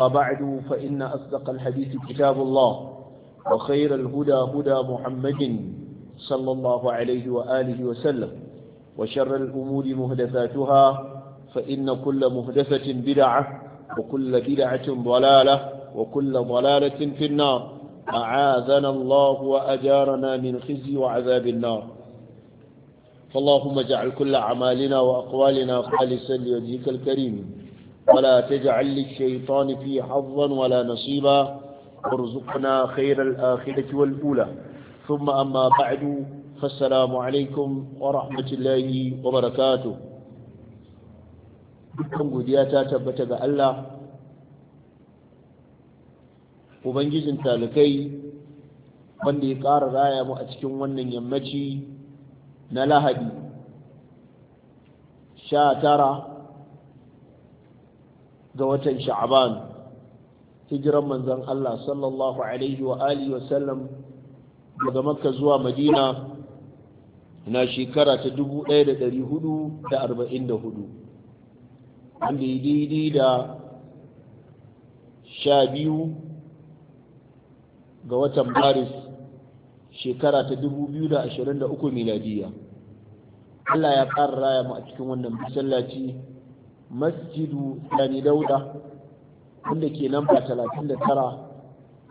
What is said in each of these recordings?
وبعد فإن أصدق الحديث كتاب الله وخير الهدى هدى محمد صلى الله عليه وآله وسلم وشر الأمور مهدثاتها فإن كل مهدثة بدعة وكل بدعة ضلالة وكل ضلالة في النار أعاذنا الله وأجارنا من خزي وعذاب النار فاللهم اجعل كل أعمالنا وأقوالنا خالصا لوجهك الكريم ولا تجعل للشيطان في حظا ولا نصيبا وارزقنا خير الآخرة والأولى ثم أما بعد فالسلام عليكم ورحمة الله وبركاته dukkan godiya ta tabbata ga Allah ubangijin talikai wanda ya ƙara raya mu a cikin wannan yammaci na lahadi sha tara ga watan sha'aban hijiran manzon Allah sallallahu alaihi wa alihi wa sallam daga makka zuwa madina na shekara ta 1444 an ya daidai da sha biyu ga watan maris shekara ta 2023 miladiya Allah ya ƙara raya mu a cikin wannan masallaci masjidu Sani Dauda wanda ke namba tara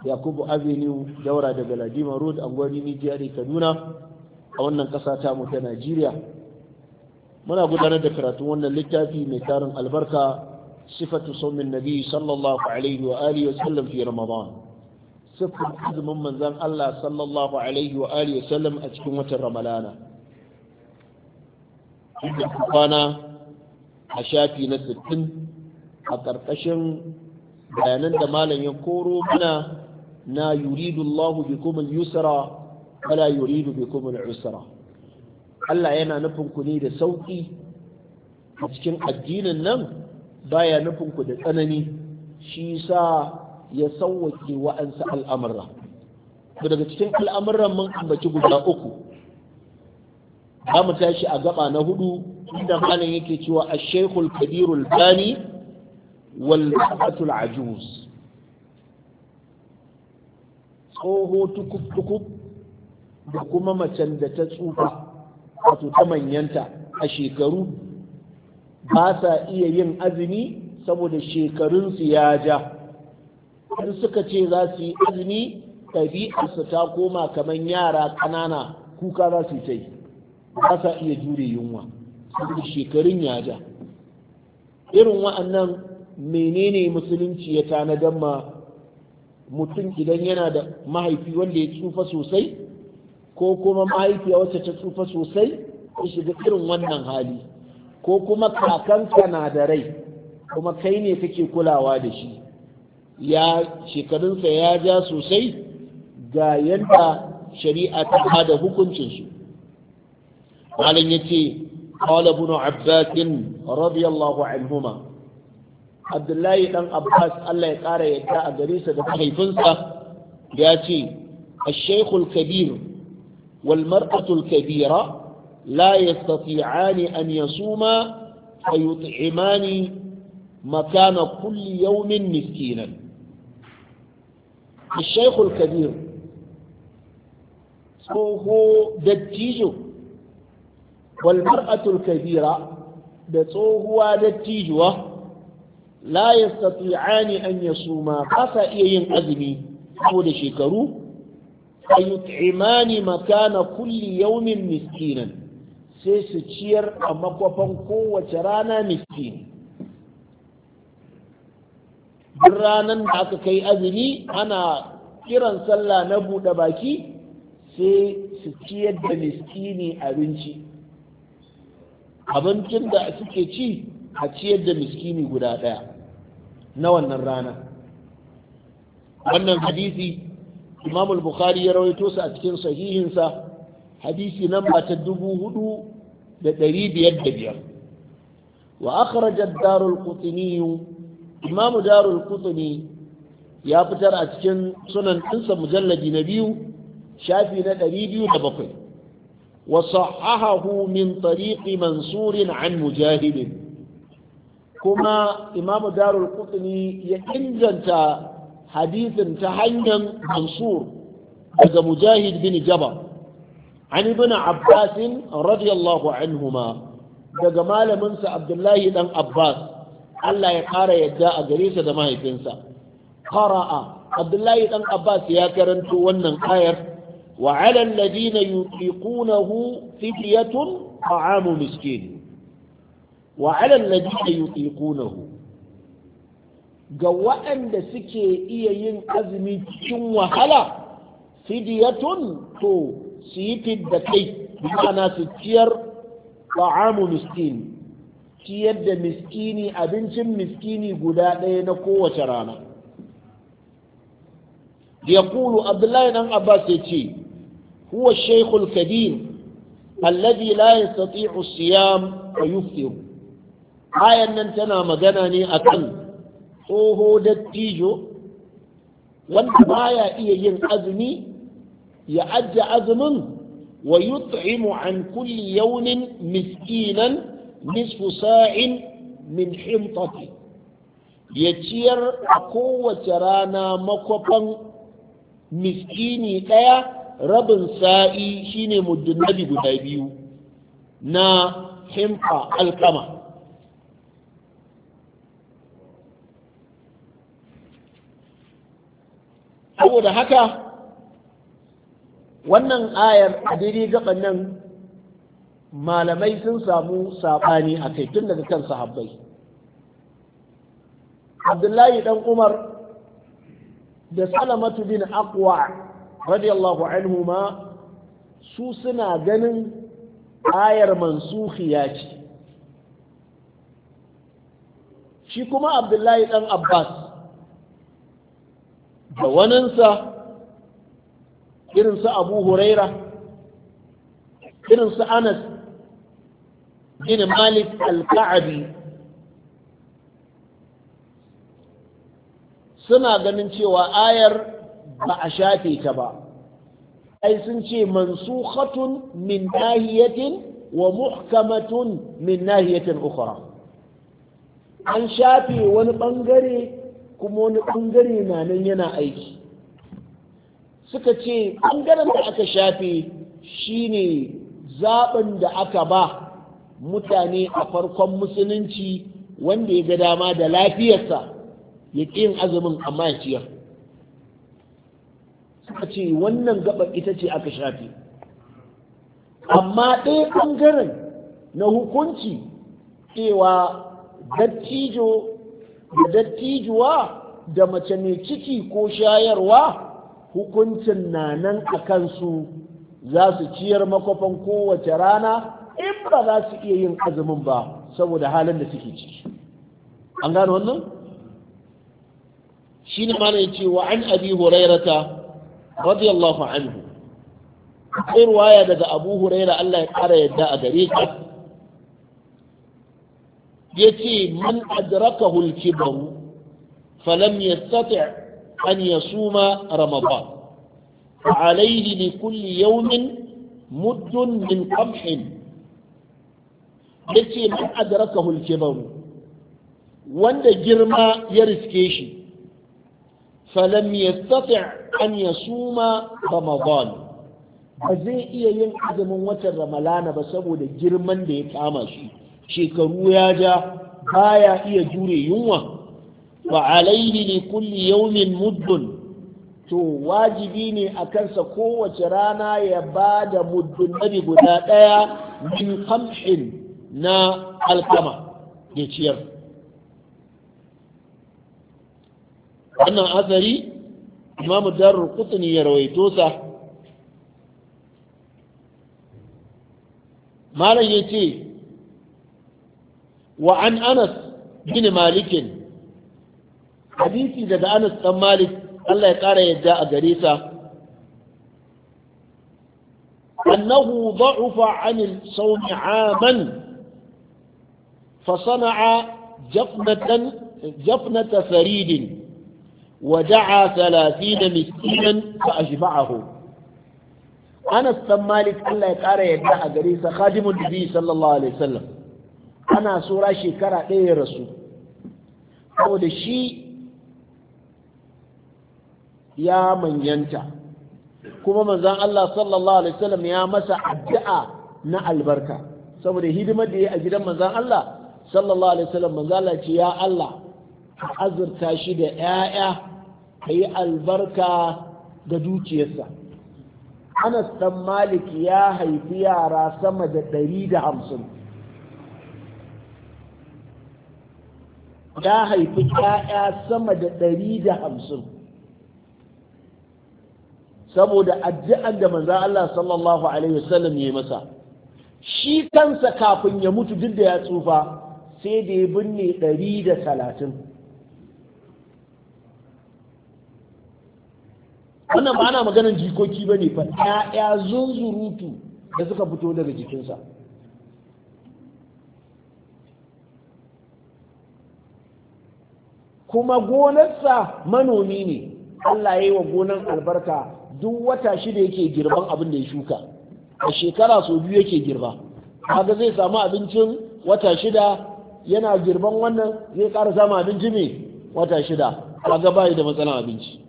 Yakubu Avenue daura daga Ladima Road anguwar Nijiyar Kaduna a wannan ƙasa ta mu ta Najeriya muna gudanar da karatun wannan littafi mai tarin albarka sifatu saumin nabi sallallahu alaihi wa alihi wa sallam fi ramadan sifatu azumin manzon Allah sallallahu alaihi wa alihi wa sallam a cikin watan ramadana kwana a shafi na 60 a ƙarƙashin bayanan da malam ya koro mana na yuridullahu bikum al-yusra wala yuridu bikum al-usra Allah yana nufin ku ne da sauki a cikin addinin nan baya nufin ku da tsanani shi sa ya sauwake wa'ansa al'amurra daga cikin al'amuran mun ambaci guda uku za mu tashi a gaba na hudu inda malin yake cewa a shekul al-kabir bani wal ajuz tsoho tukub tukub da kuma macen da ta tsufa wato ta manyanta a shekaru ba sa iya yin azumi saboda shekarunsu ya ja in suka ce za su yi azumi ɗabi'arsu ta koma kamar yara ƙanana kuka za su yi ta yi ba sa iya jure yunwa da shekarun ya ja irin wa'annan menene musulunci ya tanadan ma mutum idan yana da mahaifi wanda ya tsufa sosai ko kuma mahaifiya wacce ta tsufa sosai ko shiga irin wannan hali ko kuma kakanka na da rai kuma kai ne kake kulawa da shi ya shekarunsa ya ja sosai ga yadda shari'a ta hada hukuncinsu malam ya ce قال ابن عباس رضي الله عنهما عبد الله بن عباس الله يقرا يدا غريسه da mahaifinsa ya ce الشيخ الكبير والمرأة الكبيرة لا يستطيعان أن يصوما فيطعمان مكان كل يوم مسكينا الشيخ الكبير tsoho dattijo wal kabira da tsohuwa dattijuwa la yastati'ani an yasuma ba sa iya yin azumi ko da shekaru ayut'imani makana kulli yawmin miskinan sai su ciyar a makwafan kowace rana miskini duk ranar da aka kai azumi ana kiran sallah na buɗe baki sai su ciyar da miskini abinci abincin da suke ci a ciyar da miskini guda ɗaya na wannan rana wannan hadisi imam al-bukhari ya rawaito su a cikin sahihinsa hadisi nan ba ta dubu hudu da ɗari biyar da biyar wa akhraja darul qutni imam darul qutni ya fitar a cikin sunan ɗinsa mujalladi na biyu shafi na ɗari biyu da bakwai وصححه من طريق منصور عن مجاهد كما إمام دار القطني ينزلت حديث تهيم منصور هذا مجاهد بن جبر عن ابن عباس رضي الله عنهما daga malaminsa abdullahi dan abbas allah ya kara yadda a gare sa da mahaifinsa qara'a abdullahi dan abbas ya karanto wannan kayar. وعلى الذين يطيقونه فدية طعام مسكين وعلى الذين يطيقونه ga waɗanda suke iya yin azumi cikin wahala fidiyatun to su yi fidda kai ma'ana su ciyar ta'amu miskin ciyar da miskini abincin miskini guda ɗaya na kowace rana ya kulu abdullahi ɗan abbas ya ce هو الشيخ الكبير الذي لا يستطيع الصيام ويفطر آية nan tana magana ne akan tsoho dattijo wanda baya iya yin azumi ya ajiye azumin wa yut'imu an kulli yawmin miskinan nisfu sa'in ya ciyar a kowace rana makwafan miskini ɗaya rabin sa'i shine muddin nabi guda biyu na himfa alkama saboda haka wannan ayar a daidai gaban nan malamai sun samu saɓani a kai tun daga kan sahabbai abdullahi dan umar da salamatu bin aqwa radiyallahu anhu ma su suna ganin ayar mansukhiya ce shi kuma abdullahi dan abbas da waninsa irinsu abu huraira irinsu anas bin malik al-ka'abi suna ganin cewa ayar ba a shafe ta ba ai sun ce mansukhatun min nahiyatin wa muhkamatun min nahiyatin ukhra an shafe wani bangare kuma wani bangare na nan yana aiki suka ce bangaren da aka shafe shine zaben da aka ba mutane a farkon musulunci wanda ya ga dama da lafiyarsa ya ƙin azumin amma ya ciyar suka ce wannan gaba ita ce aka shafe amma ɗaya ɓangaren na hukunci cewa dattijo da dattijuwa da mace mai ciki ko shayarwa hukuncin na nan a kansu za su ciyar makwafan kowace rana in ba za su iya yin azumin ba saboda halin da suke ciki an gano wannan shi ne mana ya ce wa an abi hurairata radiyallahu anhu sai ruwaya daga abu huraira Allah ya ƙara yadda a gare ka ya ce man adraka hulki baru falam ya an ya suma ramadan alaihi ne kulli yaumin muddun min kamhin ya ce man adraka hulki baru wanda girma ya riske shi falam yastati' ya suma ramadan ba zai iya yin azumin watan ramalana ba saboda girman da ya kama su shekaru ya ja baya iya jure yunwa wa alaihi li kulli yawmin muddun to wajibi ne a kansa kowace rana ya ba da muddun nabi guda ɗaya min kamshin na alkama ya ciyar wannan asari imamu darul qutni ya rawaito sa malam yace wa an anas bin malik hadisi daga anas dan malik Allah ya kara yadda a gare sa أنه ضعف عن الصوم عاما فصنع جفنة جفنة ثريد ودعا ثلاثين مسكينا فأشبعه أنا بن مالك الله يقرأ يدعى قريسة خادم النبي صلى الله عليه وسلم أنا سورة شكرا إيه رسول أو شيء ya manyanta kuma manzan Allah sallallahu Alaihi wasallam ya masa addu'a na albarka saboda hidimar da ya a gidan manzan Allah sallallahu Alaihi wasallam manzan Allah ce ya Allah azurta shi da ‘ya'ya ka yi albarka ga dukiyarsa anas san malik ya haifi yara sama da ɗari da hamsin ya haifi ƴaƴa sama da ɗari da hamsin saboda addu'an da manzan Allah sallallahu Alaihi wasallam ya masa shi kansa kafin ya mutu duk da ya tsufa sai da ya binne ɗari da talatin wannan ba ana maganar jikoki ba ne fa ‘ya'ya zunzurutu da suka fito daga jikinsa kuma gonarsa manomi ne Allah ya yi wa gonar albarka duk wata shida yake girban abin da ya shuka a shekara sau biyu yake girba haka zai samu abincin wata shida yana girban wannan zai ƙara samu abinci mai wata shida ba bayi da matsalan abinci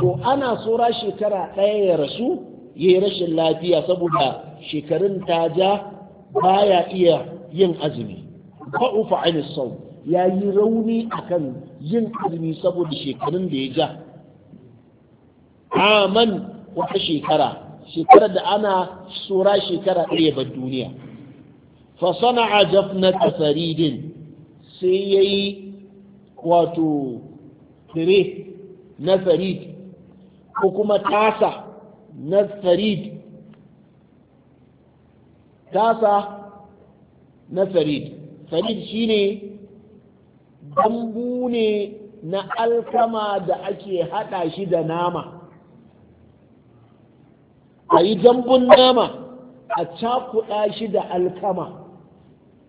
to ana tsora shekara ɗaya ya rasu ya yi rashin lafiya saboda shekarun ta ja ya iya yin azumi ba'ufa sau ya yi rauni akan yin azumi saboda shekarun da ya ja aman wata shekara shekarar da ana tsora shekara ɗaya ba duniya fasana a jafna tasaridin sai ya yi wato tire na farid ko kuma tasa na farid tasa na farid farid shine dambu ne na alkama da ake hada shi da nama Ayi yi dambun nama a cakuɗa shi da alkama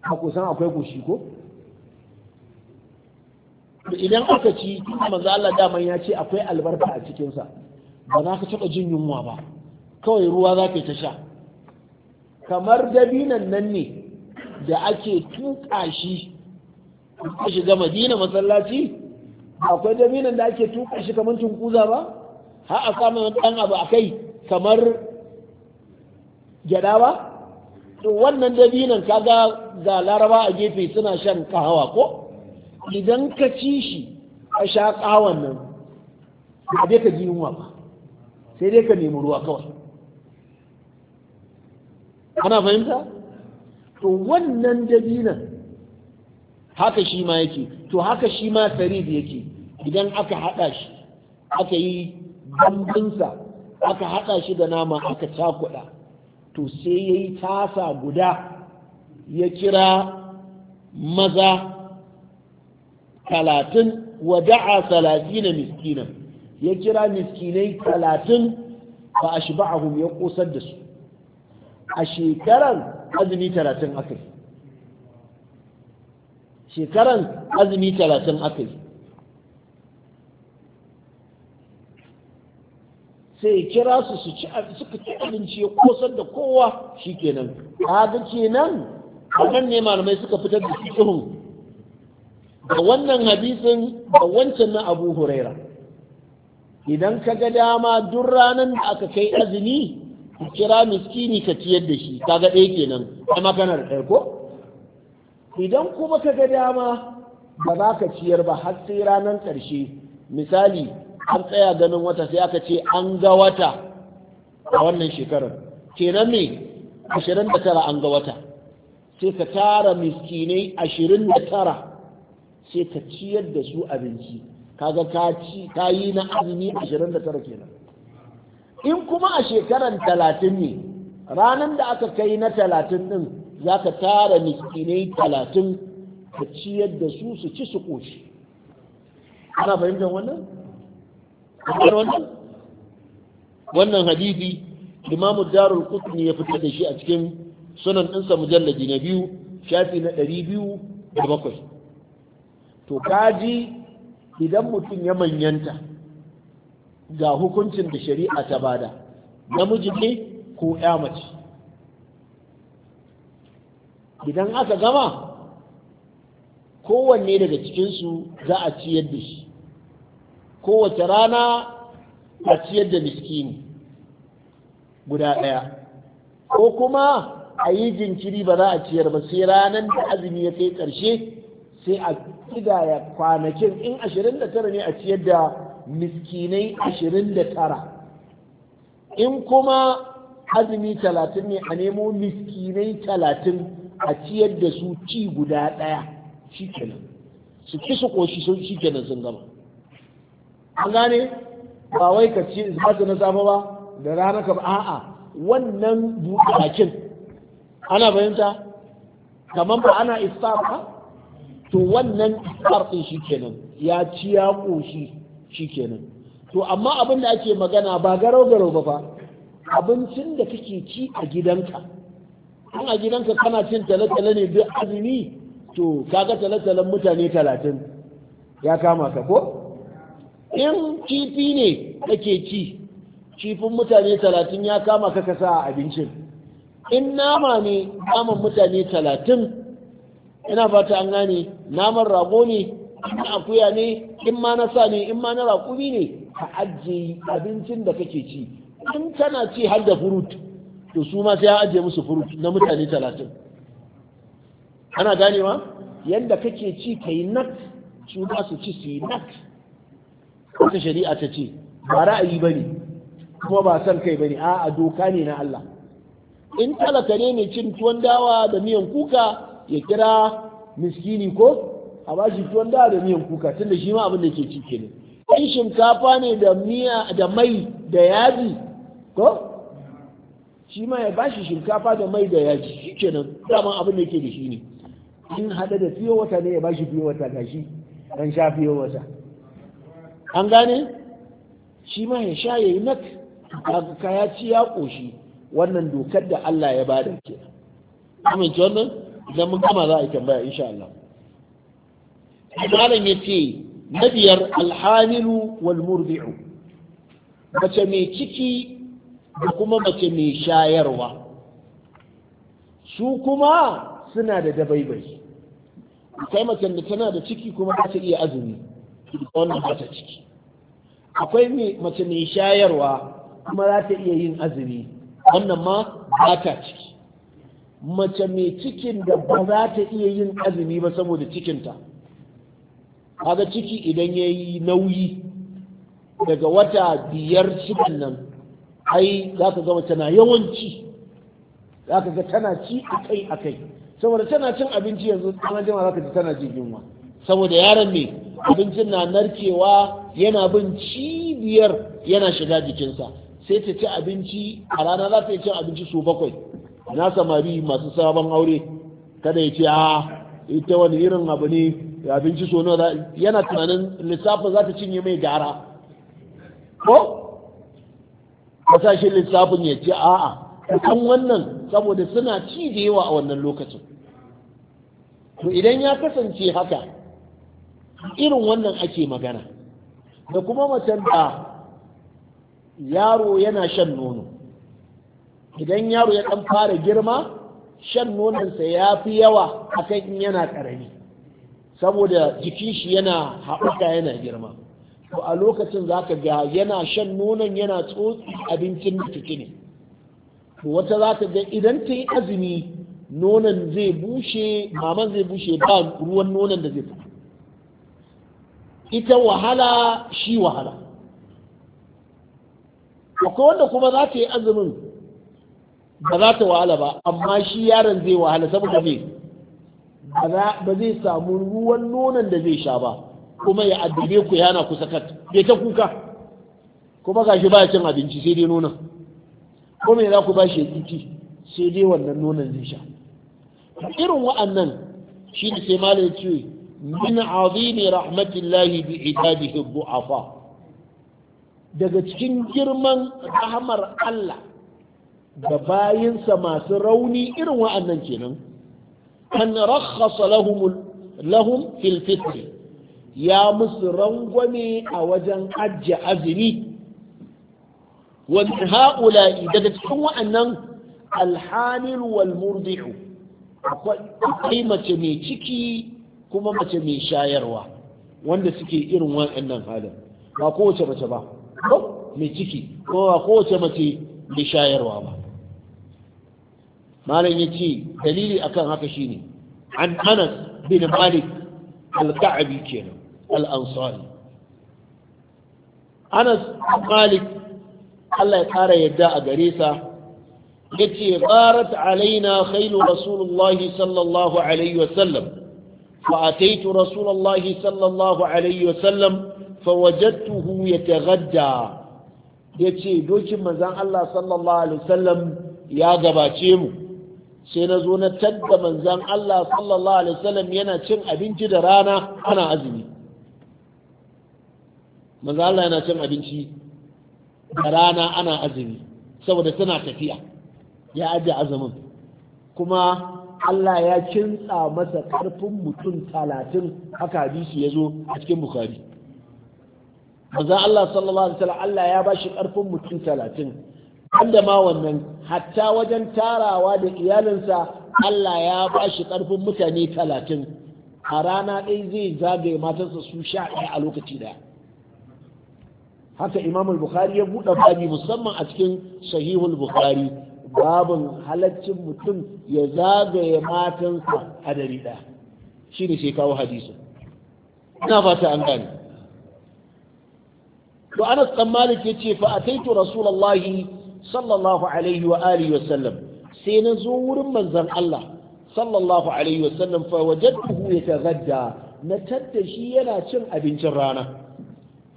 a kusan akwai shi ko? idan aka ci manzo Allah daman ya ce akwai albarka a cikinsa ba za ka taɓa jin yunwa ba kawai ruwa za ka ta sha kamar dabinan nan ne da ake tuƙa shi ka shiga madina masallaci akwai dabinan da ake tuƙa shi kamar tunkuza ba ha a samun ɗan abu a kai kamar gyada ba to wannan dabinan ka ga ga laraba a gefe suna shan kahawa ko idan ka ci shi a sha kahawan nan ka ji yunwa ba sai dai ka nemi ruwa kawai ana fahimta to wannan dabinan haka shi ma yake to haka shi ma sarid yake idan aka haɗa shi aka yi bambinsa aka haɗa shi da nama aka cakuɗa to sai ya yi tasa guda ya kira maza talatin wada'a da'a na miskinan ya kira miskinai talatin ba a shi ba'ahum ya kosar da su a shekaran azumi talatin aka yi shekaran azumi talatin aka yi sai ya kira su su ci suka ci abinci ya kosar da kowa shi kenan kaga kenan wannan ne malamai suka fitar da fikihun da wannan hadisin da wancan na abu huraira idan ka ga dama duk ranar da aka kai azumi ka kira miskini ka ciyar da shi Ka ga ɗaya kenan ta maganar ɗaya idan kuma ka ga dama ba za ka ciyar ba har sai ranar ƙarshe misali an tsaya ganin wata sai aka ce an ga wata a wannan shekarar kenan me ashirin da tara an ga wata sai ka tara miskinai ashirin da tara sai ka ciyar da su abinci kaga ka ci ka yi na azumi 29 kenan in kuma a shekaran 30 ne ranar da aka kai na 30 din za ka tara miskinai 30 ka ciyar da su su ci su ƙoshi ana fahimtar wannan? wannan wannan hadisi imamu darul qutni ya fitar da shi a cikin sunan ɗinsa mujallaji na biyu shafi na ɗari da bakwai to kaji idan mutum ya manyanta ga hukuncin da shari'a ta bada namiji ne ko ya mace idan aka gama kowanne daga cikinsu za a ciyar da shi kowace rana a ciyar da miskini guda ɗaya ko kuma a yi jinkiri ba za a ciyar ba sai ranar da azumi ya kai ƙarshe sai a kidaya kwanakin in 29 ne a ciyar da miskinai 29 in kuma azumi 30 ne a nemo miskinai 30 a ciyar da su ci guda ɗaya shi kenan su fi su koshi sun shi kenan sun gama an gane ba wai ka ci ba su na safe ba da rana ka ba a'a wannan buɗe ana bayanta. kamar ba ana ba. to wannan karfin shi kenan ya ci ya ƙoshi shi kenan to amma abin da ake magana ba garau garau ba fa abincin da kake ci a gidanka in a gidanka kana cin talatala ne duk azumi to kaga talatalan mutane talatin ya kama ka ko in kifi ne kake ci kifin mutane talatin ya kama ka kasa a abincin in nama ne naman mutane talatin ina fata an gane naman rago ne ina akuya ne in ma na sa ne in ma na raƙumi ne ka ajiye abincin da kake ci in tana ci har da furut to su ma sai ajiye musu furut na mutane talatin ana ganewa yadda kake ci ka yi nak su ba su ci su yi nak wata shari'a ta ce ba ra'ayi ba ne kuma ba san kai ba ne a doka ne na Allah in talaka ne mai cin tuwon dawa da miyan kuka ya kira miskini ko a ba shi tuwon da da miyan kuka tunda shi ma abin da ke ci kenan in shinkafa ne da miya da mai da yaji ko shi ma ya bashi shinkafa da mai da yaji shi kenan dama abin da ke da shi ne in hada da fiye wata ne ya bashi fiye wata ga shi dan sha fiye wata an gane shi ma ya sha ya yi nak a ka ya ci ya koshi wannan dokar da Allah ya bada ke amince wannan idan mun gama za a yi tambaya insha Allah malam yace na biyar alhamilu wal murdi'u mace mai ciki da kuma mace mai shayarwa su kuma suna da dabaibai akwai mace da tana da ciki kuma za ta iya azumi wannan ba ta ciki akwai mace mai shayarwa kuma za ta iya yin azumi wannan ma ba ta ciki mace mai cikin da ba za ta iya yin azumi ba saboda cikinta kaga ciki idan ya yi nauyi daga wata biyar cikin nan ai za ka ga mace na yawanci za ka ga tana ci akai akai saboda tana cin abinci yanzu an jima za ka ji tana jin yunwa saboda yaron ne abincin na narkewa yana bin cibiyar yana shiga jikinsa sai ta ci abinci a rana za ta yi cin abinci su bakwai na samari masu sabon aure kada ya ce a ita wani irin abu ne abinci so na. yana tunanin lissafin za ta cinye mai gara ko kasashen lissafin ya ce a'a kan wannan saboda suna ci da yawa a wannan lokacin to idan ya kasance haka irin wannan ake magana da kuma macen da yaro yana shan nono idan yaro ya ɗan fara girma shan nonansa ya fi yawa akan in yana ƙarami saboda jikin shi yana haɓaka yana girma to a lokacin za ka ga yana shan nonon yana tsotsi abincin da ciki ne to wata za ka ga idan ta yi azumi nonon zai bushe maman zai bushe ba ruwan nonon da zai fita ita wahala shi wahala akwai wanda kuma za ta yi azumin ba za ta wahala ba amma shi yaron zai wahala saboda me ba zai samu ruwan nonon da zai sha ba kuma ya addabe ku yana kusa kat bai ta kuka kuma shi ba cin abinci sai dai nonon Kuma ya za ku ba shi ya sai dai wannan nonon zai sha irin wa'annan shi ne sai malam ce min azimi rahmatillahi bi ibadihi du'afa daga cikin girman rahmar Allah ga bayinsa masu rauni irin wa'annan kenan an rakhasa lahum lahum fil fitr ya musu rangwame a wajen ajiye azumi wa min ha'ula'i daga cikin wa'annan alhamil wal murdi'u akwai mace mai ciki kuma mace mai shayarwa wanda suke irin wa'annan halin ba kowace mace ba mai ciki kuma ba kowace mace mai shayarwa ba malam ya ce dalili akan haka shine an anas bin malik al-ka'abi kenan al-ansari anas malik Allah ya kara yadda a gare sa ya ce gharat alaina khaylu rasulullahi sallallahu alaihi wa sallam fa ataitu rasulullahi sallallahu alaihi wa sallam fawajadtuhu yataghadda yace dokin manzon Allah sallallahu alaihi wa sallam ya gabace mu sai na zo na tadda manzan Allah sallallahu alaihi wasallam yana cin abinci da rana ana azumi manzan Allah yana cin abinci da rana ana azumi saboda suna tafiya ya ajiye azumin kuma Allah ya kintsa masa karfin mutum talatin haka hadisi ya zo a cikin bukari manzan Allah sallallahu alaihi wasallam Allah ya ba shi karfin mutum talatin banda ma wannan hatta wajen tarawa da iyalinsa Allah ya ba shi ƙarfin mutane talatin a rana ɗaya zai zagaye matarsa su sha ɗaya a lokaci ɗaya haka imamul bukhari ya buɗe babi musamman a cikin sahihul bukhari babin halaccin mutum ya zagaye matansa a dari ɗaya shi ne sai kawo hadisi ina fata an gane to anas dan malik ce fa ataitu rasulullahi sallallahu alaihi wa alihi wasallam sai na zo wurin manzan Allah sallallahu alaihi wasallam fa wajadtuhu yataghadda na tadda shi yana cin abincin rana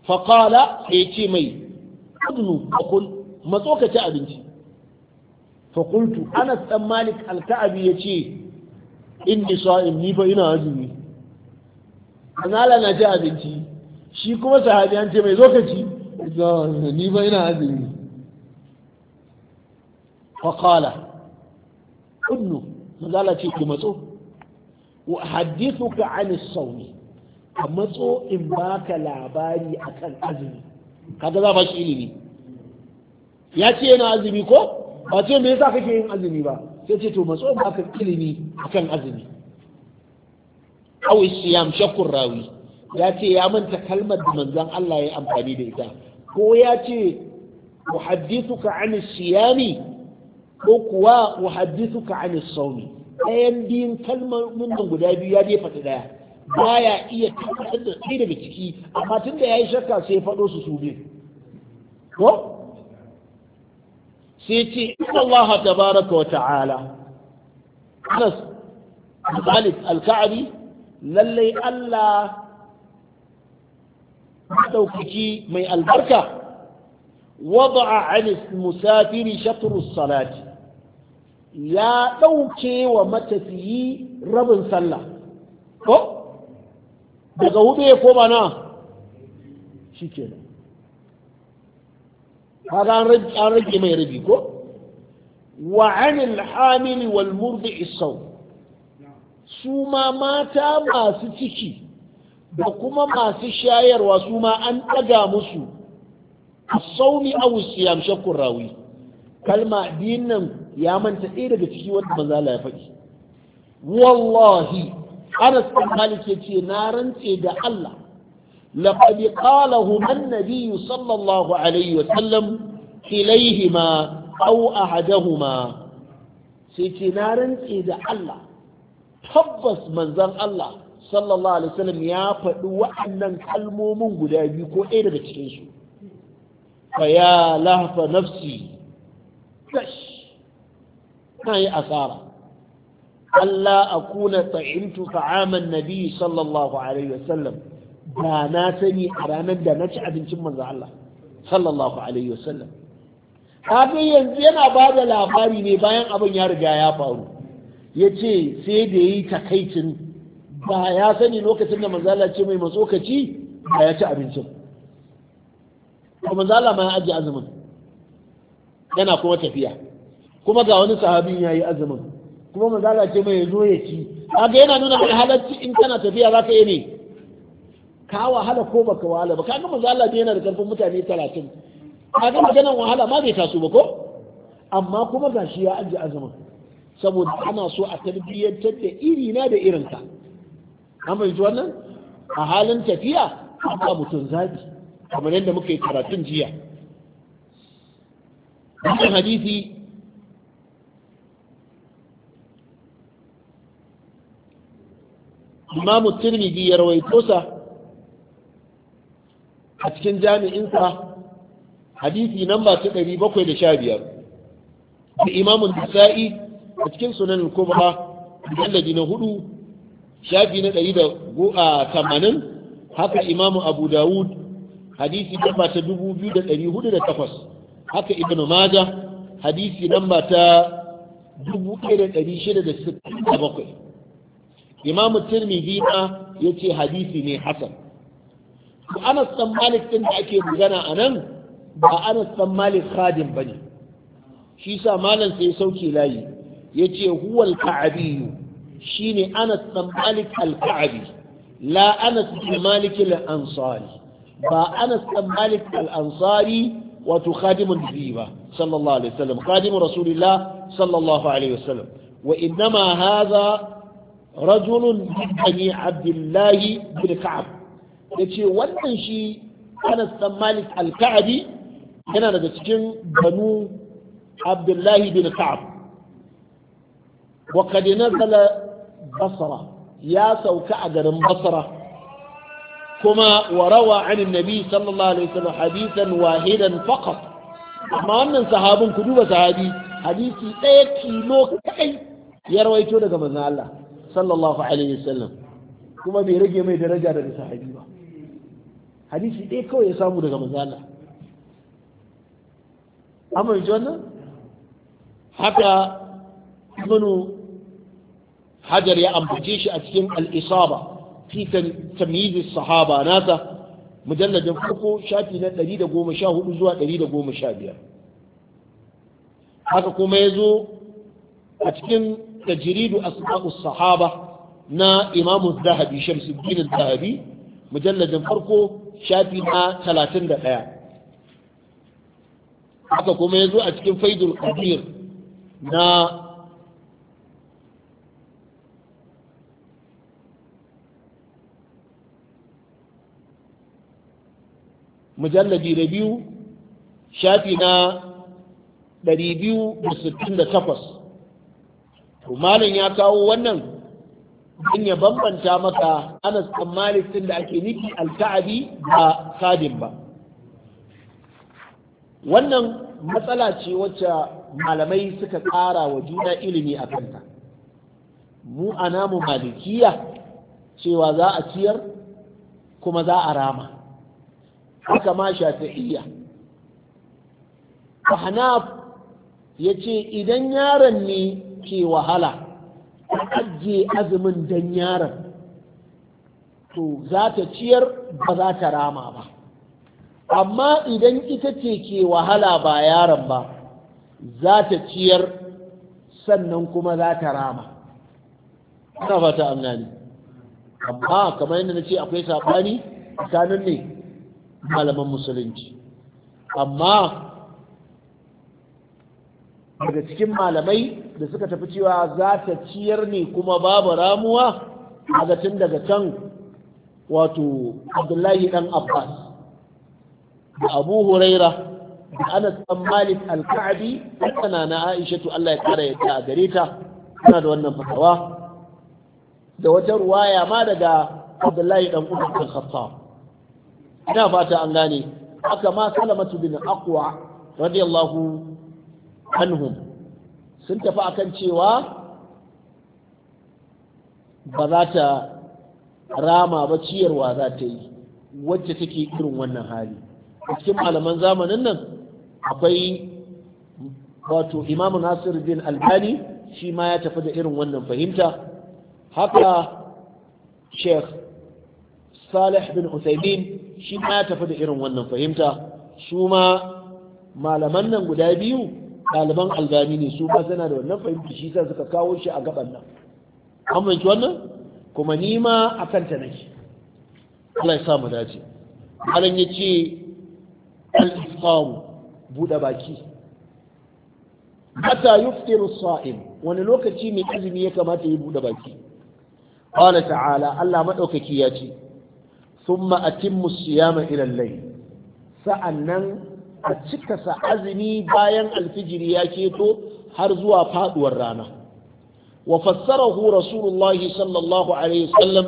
fa qala yace mai udnu aqul matso ka ci abinci fa qultu Anas dan Malik Alka'abi kabi yace inni sa'im ni fa ina azumi anala na ci abinci shi kuma sahabi an ce mai zo ka ci ni fa ina azumi faƙala ƙunnu mazala ce ku matso wa hadithu ka ani sauni ka matso in baka labari akan azumi kaga za ba shi ilimi ya ce yana azumi ko ba ce me yasa kake yin azumi ba sai ce to matso in baka ilimi akan azumi aw siyam shakkur rawi ya ce ya manta kalmar da manzon Allah ya amfani da ita ko ya ce uhaddithuka an siyami ko kuwa uhaddithuka an sauni ɗayan biyun kalmar mun guda biyu ya dai faɗi ɗaya baya iya tabbatar da ɗaya daga ciki amma tun da yi shakka sai faɗo su su biyu ko sai ce inna Allah tabaraka wa ta'ala Anas Malik al lallai Allah ɗaukaki mai albarka wada'a 'ala musafiri shatru as ya ɗauke wa matafiyi rabin sallah ko daga hudu ya koma na shi ke nan an rage mai rabi ko wa anil hamili wal murdi isau su ma mata masu ciki da kuma masu shayarwa su ma an ɗaga musu a sauni a wuce yamshakun rawi kalma dinnan ya manta ɗaya daga ciki wanda maza Allah ya faɗi wallahi Anas bin Malik ce na rantse da Allah laqad qalahu an-nabiy sallallahu alaihi wa sallam ilayhima aw ahadahuma sai ce na rantse da Allah tabbas manzon Allah sallallahu alaihi wasallam ya faɗi waɗannan kalmomin guda biyu ko ɗaya daga cikinsu fa ya lahfa nafsi dash kan yi asara Allah a kuna ta'imtu ta'aman nabi sallallahu alaihi wasallam ba na sani a ranar da na ci abincin manzo Allah sallallahu alaihi wasallam kafin yanzu yana ba da labari ne bayan abin ya riga ya faru ya ce sai da yi takaicin ba ya sani lokacin da Allah ce mai matsokaci ba ya ci abincin ba Allah ma ya ajiye azumin yana kuma tafiya kuma ga wani sahabin ya yi azumin kuma manzala ce mai zo ya ci kaga yana nuna mai halarci in kana tafiya za ka yi ne ka wahala ko baka wahala ba kaga manzala ne yana da karfin mutane talatin kaga maganan wahala ma bai taso ba ko amma kuma gashi ya ajiye azumin saboda ana so a tarbiyyantar da iri na da ka. an bai ji wannan a halin tafiya ba mutum zaɓi, kamar yadda muka yi karatun jiya wannan hadisi imamu tirmidhi ya rawaito a cikin jami'insa hadisi namba ta ɗari bakwai da sha biyar da imamun nasa'i a cikin sunan kubra mujalladi na hudu shafi na ɗari da tamanin haka imamu abu dawud hadisi namba ta dubu biyu da ɗari hudu da takwas haka ibn maja hadisi namba ta dubu ɗaya da ɗari shida da sittin da bakwai imamu tirmidhi ma yace hadisi ne hasan to Anas dan Malik din da ake magana anan ba Anas dan Malik khadim bane shi sa malam sai sauke layi yace huwa al-ka'bi shine Anas dan Malik al-ka'bi la Anas bin Malik al-Ansari ba Anas dan Malik al-Ansari wato khadimun nabi ba sallallahu alaihi wasallam khadimu rasulillah sallallahu alaihi wasallam wa innama hadha rajulun bani abdullahi bin ka'ab ya ce wannan shi anas dan malik al-ka'abi yana daga cikin banu abdullahi bin ka'ab wa kad nazala basra ya sauka a garin basra kuma wa an nabi sallallahu alaihi wasallam hadithan wahidan faqat amma wannan sahabin ku duba sahabi hadisi ɗaya kilo kai ya rawaito daga manzon Allah sallallahu alaihi wasallam kuma bai rage mai daraja daga sahabi ba hadisi ɗaya kawai ya samu daga manzala amma yanzu wannan haka ibnu hajar ya ambace shi a cikin al-isaba fi tamyiz sahaba nasa mujalladin farko shafi na 114 zuwa 115 haka kuma ya zo a cikin da tajridu asma'u sahaba na imamu zahabi shamsuddin zahabi mujalladin farko shafi na 31 haka kuma yazo a cikin faidul qadir na mujalladi na biyu shafi na 268 to malin ya kawo wannan in ya bambanta maka anas kan malik din da ake nufi alka'adi ba sadin ba wannan matsala ce wacce malamai suka ƙara wa juna ilimi a kanta mu a namu malikiya cewa za a ciyar kuma za a rama haka ma shafi'iyya fahnaf ya ce idan yaron ne ke wahala a ajiye azumin dan yaron to za ta ciyar ba za ta rama ba amma idan ita ce ke wahala ba yaron ba za ta ciyar sannan kuma za ta rama Ana fata an gani amma kamar yadda na ce akwai saɓani tsakanin ne malaman musulunci amma daga cikin malamai da suka tafi cewa za ta ciyar ne kuma babu ramuwa a tun daga can wato abdullahi dan abbas da abu huraira da anas malik al-ka'bi na aisha to Allah ya kare ta a gare ta tana da wannan fatawa da wata ruwaya ma daga abdullahi dan umar bin khattab ina fata an gane Aka ma salamatu bin aqwa radiyallahu anhum sun tafi akan cewa ba za ta rama ba ciyarwa za ta yi wacce take irin wannan hali a cikin malaman zamanin nan akwai wato imamu nasir bin albani shi ma ya tafi da irin wannan fahimta haka sheikh salih bin usaimin shi ma ya tafi da irin wannan fahimta su ma malaman nan guda biyu ɗaliban albani ne su suna da wannan fahimta shi sa suka kawo shi a gaban nan an manci wannan kuma ni ma a kanta nake Allah ya sa dace halin ya ce al buɗe baki mata yuftiru sa'im wani lokaci mai azumi ya kamata ya buɗe baki qala ta'ala Allah madaukaki ya ce thumma atimmu siyama ila al-layl sa'annan a cikasa azumi bayan alfijiri ya keto har zuwa faduwar rana wa fassarahu rasulullahi sallallahu alaihi wasallam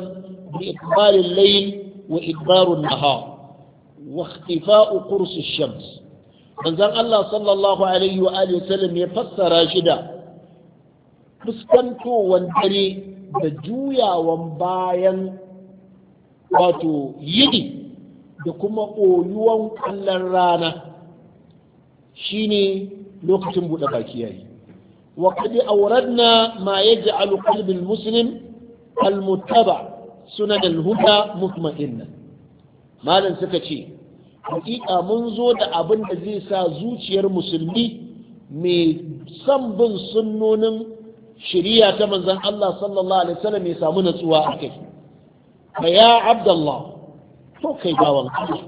bi ikbalin layl wa idbarun nahar wa ikhtifa'u qursi shams manzon Allah sallallahu alaihi wa alihi wasallam ya fassara shi da fuskantowar dare da juyawan bayan wato yini da kuma oyuwan kallon rana shine lokacin buɗe baki yayi wa na awradna ma yaj'alu qalbi al-muslim al-muttaba sunan al-huda mutma'inna suka ce hakika mun zo da abin da zai sa zuciyar musulmi mai son bin sunnonin shari'a ta manzon Allah sallallahu alaihi wasallam ya samu natsuwa akai fa ya abdullah to kai bawan Allah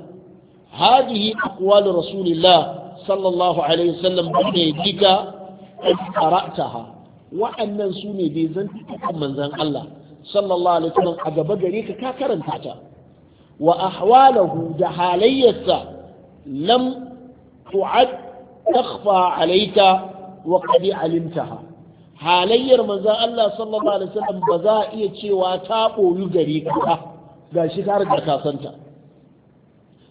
hadihi aqwalu rasulillah sallallahu alaihi wasallam ba ne jika qara'taha wa'annan su ne dai zantukan manzon Allah sallallahu alaihi wasallam a gaba gare ka ka karanta ta wa ahwalahu da halayyarsa lam halayyar manzon Allah sallallahu alaihi wasallam ba za a iya cewa ta boyu gare ka gashi ka riga ka santa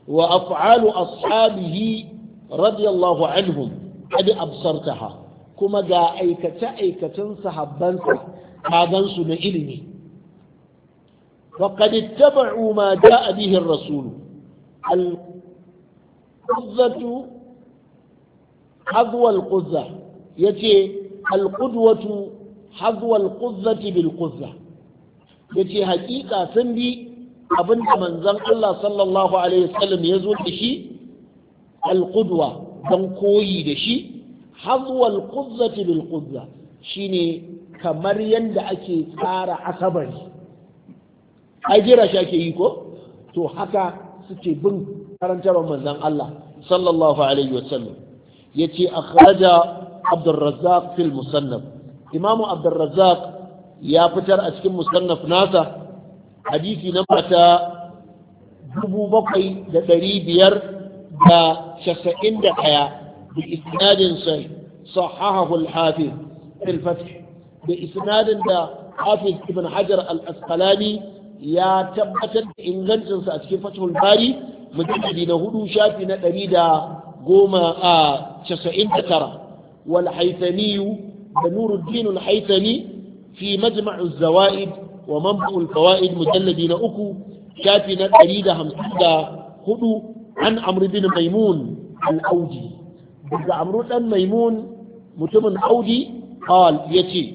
wa af'alu ashabihi radiyallahu anhum qad absartaha kuma ga aikace aikacen sahabbansa ka gansu na ilimi wa qad ittaba'u ma ja'a bihi al-quzzatu hadwa al-quzza yace al-qudwatu hadwa al-quzzati bil-quzza yace hakika sun bi abinda manzon Allah sallallahu alaihi wasallam ya zo da shi alƙudwa don koyi da shi hazwal ƙuzzati bil ƙuzza shine kamar yadda ake tsara asabari ai jira shi ake yi ko to haka suke bin karantar manzon Allah sallallahu alaihi wasallam yace akhraja Abdul fil musannaf Imamu Abdul ya fitar a cikin musannaf nasa hadisi na mata biyar. da casa'in da ɗaya da isnadin sai sahahahul hafiz fil fath da isnadin da hafiz ibn hajar al-asqalani ya tabbatar da ingancinsa a cikin fathul bari mujalladi na hudu shafi na ɗari da goma a casa'in da tara wal da nuruddin al-haitani fi majma'u zawaid wa manba'ul fawaid mujalladi na uku shafi na ɗari da hamsin da hudu an amri bin maimun al-audi daga amru dan maimun mutumin audi qal yace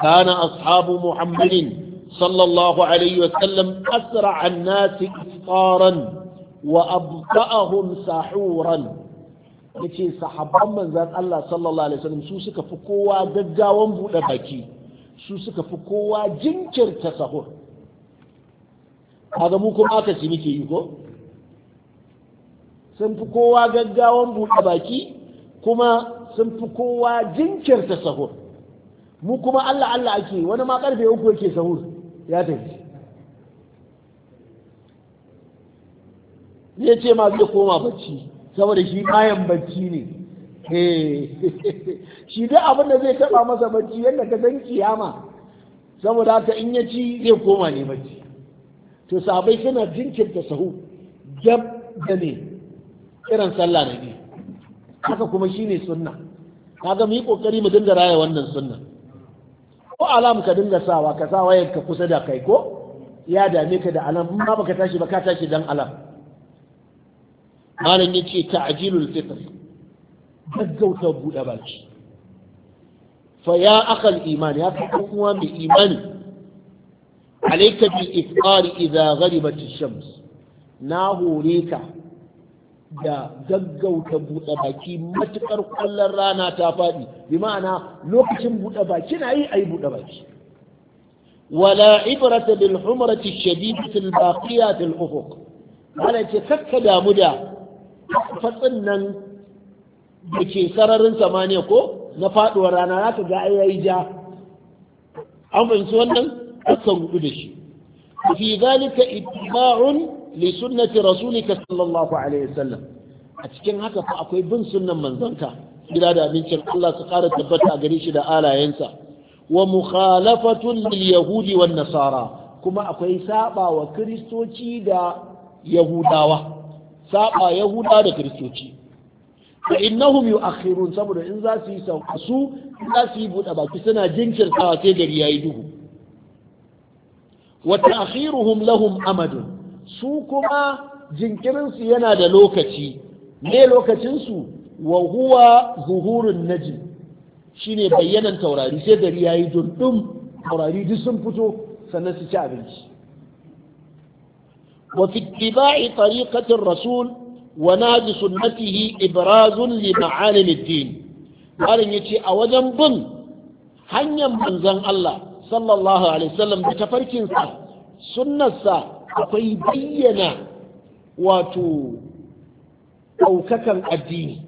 kana ashabu muhammadin sallallahu alaihi wa sallam asra an-nas iftaran wa abqa'ahum sahuran yace sahabban manzon Allah sallallahu alaihi wasallam su suka fi kowa gaggawan bude baki su suka fi kowa jinkirta sahur kaga mu kuma aka ci muke yi ko sun fi kowa gaggawan buɗe baki kuma sun fi kowa jinkirta sahur mu kuma Allah Allah ake wani ma karfe uku yake sahur ya tafi ya ce ma zai koma bacci saboda shi bayan bacci ne eh, shi duk abin da zai taba masa bacci yadda ka san kiyama saboda haka in ya ci zai koma ne bacci to sabai suna jinkirta sahu gab da ne kiran sallah na biyu haka kuma shine sunna kaga mu yi kokari mu dinga raya wannan sunna ko alam ka dinga sawa ka sa wayar ka kusa da kai ko ya dame ka da alam ma baka tashi ba ka tashi dan alam malam yace ta'jilul fitr gaggauta buɗe baki fa ya akal imani ya fi kuma mai imani alaika bi ifqari idza gharibat shams na hore ka da gaggauta buɗe baki matuƙar ƙwallon rana ta faɗi bi ma'ana lokacin buɗe baki na yi a yi buɗe baki wala ibrata bil humrati shadidati al al ufuq ana ce kakka damu da fatsin nan da ke sararin samaniya ko na faɗuwar rana za ka ga yayi ja an fahimci wannan akan gudu da shi fi zalika ittiba'un li sunnati rasulika sallallahu alaihi wasallam a cikin haka fa akwai bin sunnan manzanka gida da abincin Allah su ƙara tabbata a gare shi da alayensa wa mukhalafatun lil yahudi wan nasara kuma akwai saba wa kristoci da yahudawa saba yahuda da kristoci fa innahum yu'akhirun saboda in za su yi sauka su za su yi buɗe baki suna jinkirtawa sai gari yayi duhu wa ta'khiruhum lahum amadun su kuma jinkirinsu yana da lokaci ne lokacinsu wa huwa zuhurun Shi ne bayyanan taurari sai gari yi dundum taurari duk sun fito sannan su ci abinci wa fi rasul wa ji sunnatihi ibrazun li ma'alim ad ya malam yace a wajen bin hanyar manzon Allah sallallahu alaihi wasallam da tafarkinsa sunnarsa akwai bayyana wato ɗaukakan addini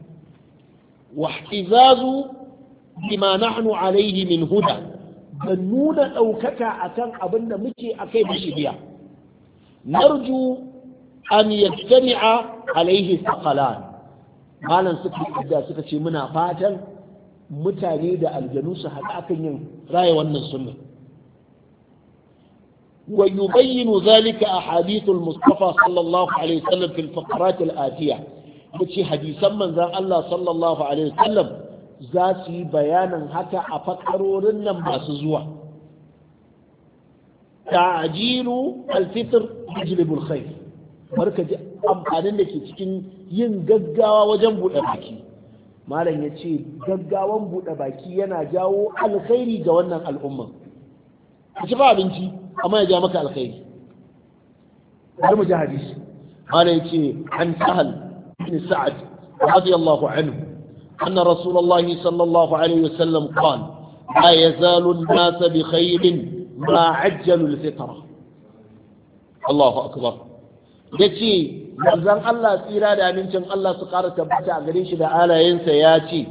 wa izazu bima nahnu alaihi min huda da nuna ɗaukaka akan abin da muke akai na shirya narju an yajtami'a alaihi saqalan Malam suka da suka ce muna fatan mutane da aljanu su haɗa akan yin raya wannan sunna ويبين ذلك أحاديث المصطفى صلى الله عليه وسلم في الفقرات الآتية وشي حديثا من ذا الله صلى الله عليه وسلم ذاتي بيانا حتى أفكروا لنا ما سزوا تعجيل الفطر يجلب الخير barka ji amfanin da ke cikin yin gaggawa wajen buɗe baki malam ya ce gaggawan buɗe baki yana jawo alkhairi ga wannan al'umman ka ci abinci amma ya ja maka alkhairi bari mu ji hadisi mana yace an sahal bin sa'ad radiyallahu anhu anna rasulullahi sallallahu alaihi wasallam qala la yazalu an bi khairin ma ajjalu al-fitra Allahu akbar yace manzon Allah tsira da amincin Allah su ƙara tabbata a gare shi da alayensa ya ce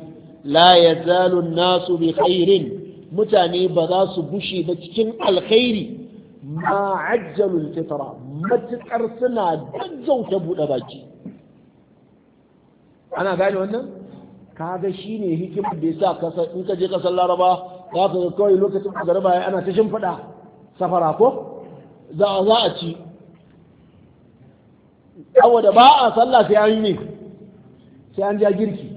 la yazalu nasu bi khairin mutane ba za su bushe ba cikin alkhairi ma ajjalul fitra matuƙar suna gaggauta buɗe baki ana gane wannan kaga shine hikimar da yasa kasa in ka je kasar Laraba za ka ga kawai lokacin magarba ya ana ta shimfiɗa safara ko za za a ci saboda ba a sallah sai an yi ne sai an ja girki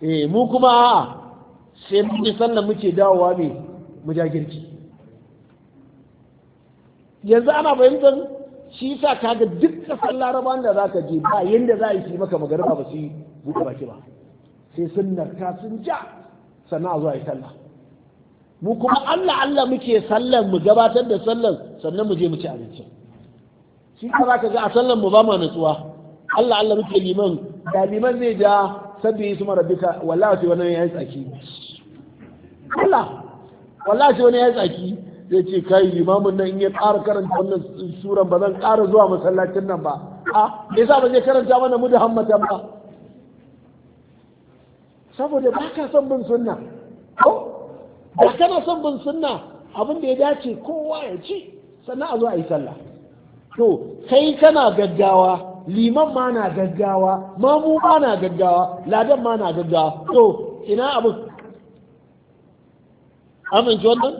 eh mu kuma a'a sai mun yi muke dawowa ne mu ja girki yanzu ana fahimtar shi yasa kaga duk kasar larabawan da zaka je ba yanda za a yi maka magariba ba su yi buɗe baki ba sai sun narka sun ja sannan a zuwa yi sallah mu kuma Allah Allah muke sallan mu gabatar da sallan sannan mu je mu ci abinci shi ka za ka ga a sallan mu ba ma natsuwa Allah Allah muke liman da liman zai ja sabbi su marabbika wallahi wannan yayin tsaki Allah wallahi wani ya tsaki zai ce kai limamin nan in ya ƙara karanta wannan suran ba zan ƙara zuwa masallacin nan ba a me yasa ba zai karanta mana mu da hammatan ba saboda ba ka son bin sunna ko ba kana son bin sunna abin da ya dace kowa ya ci sannan a zo a yi sallah to kai kana gaggawa liman ma na gaggawa mamu ma na gaggawa ladan ma na gaggawa to ina abin amin ji wannan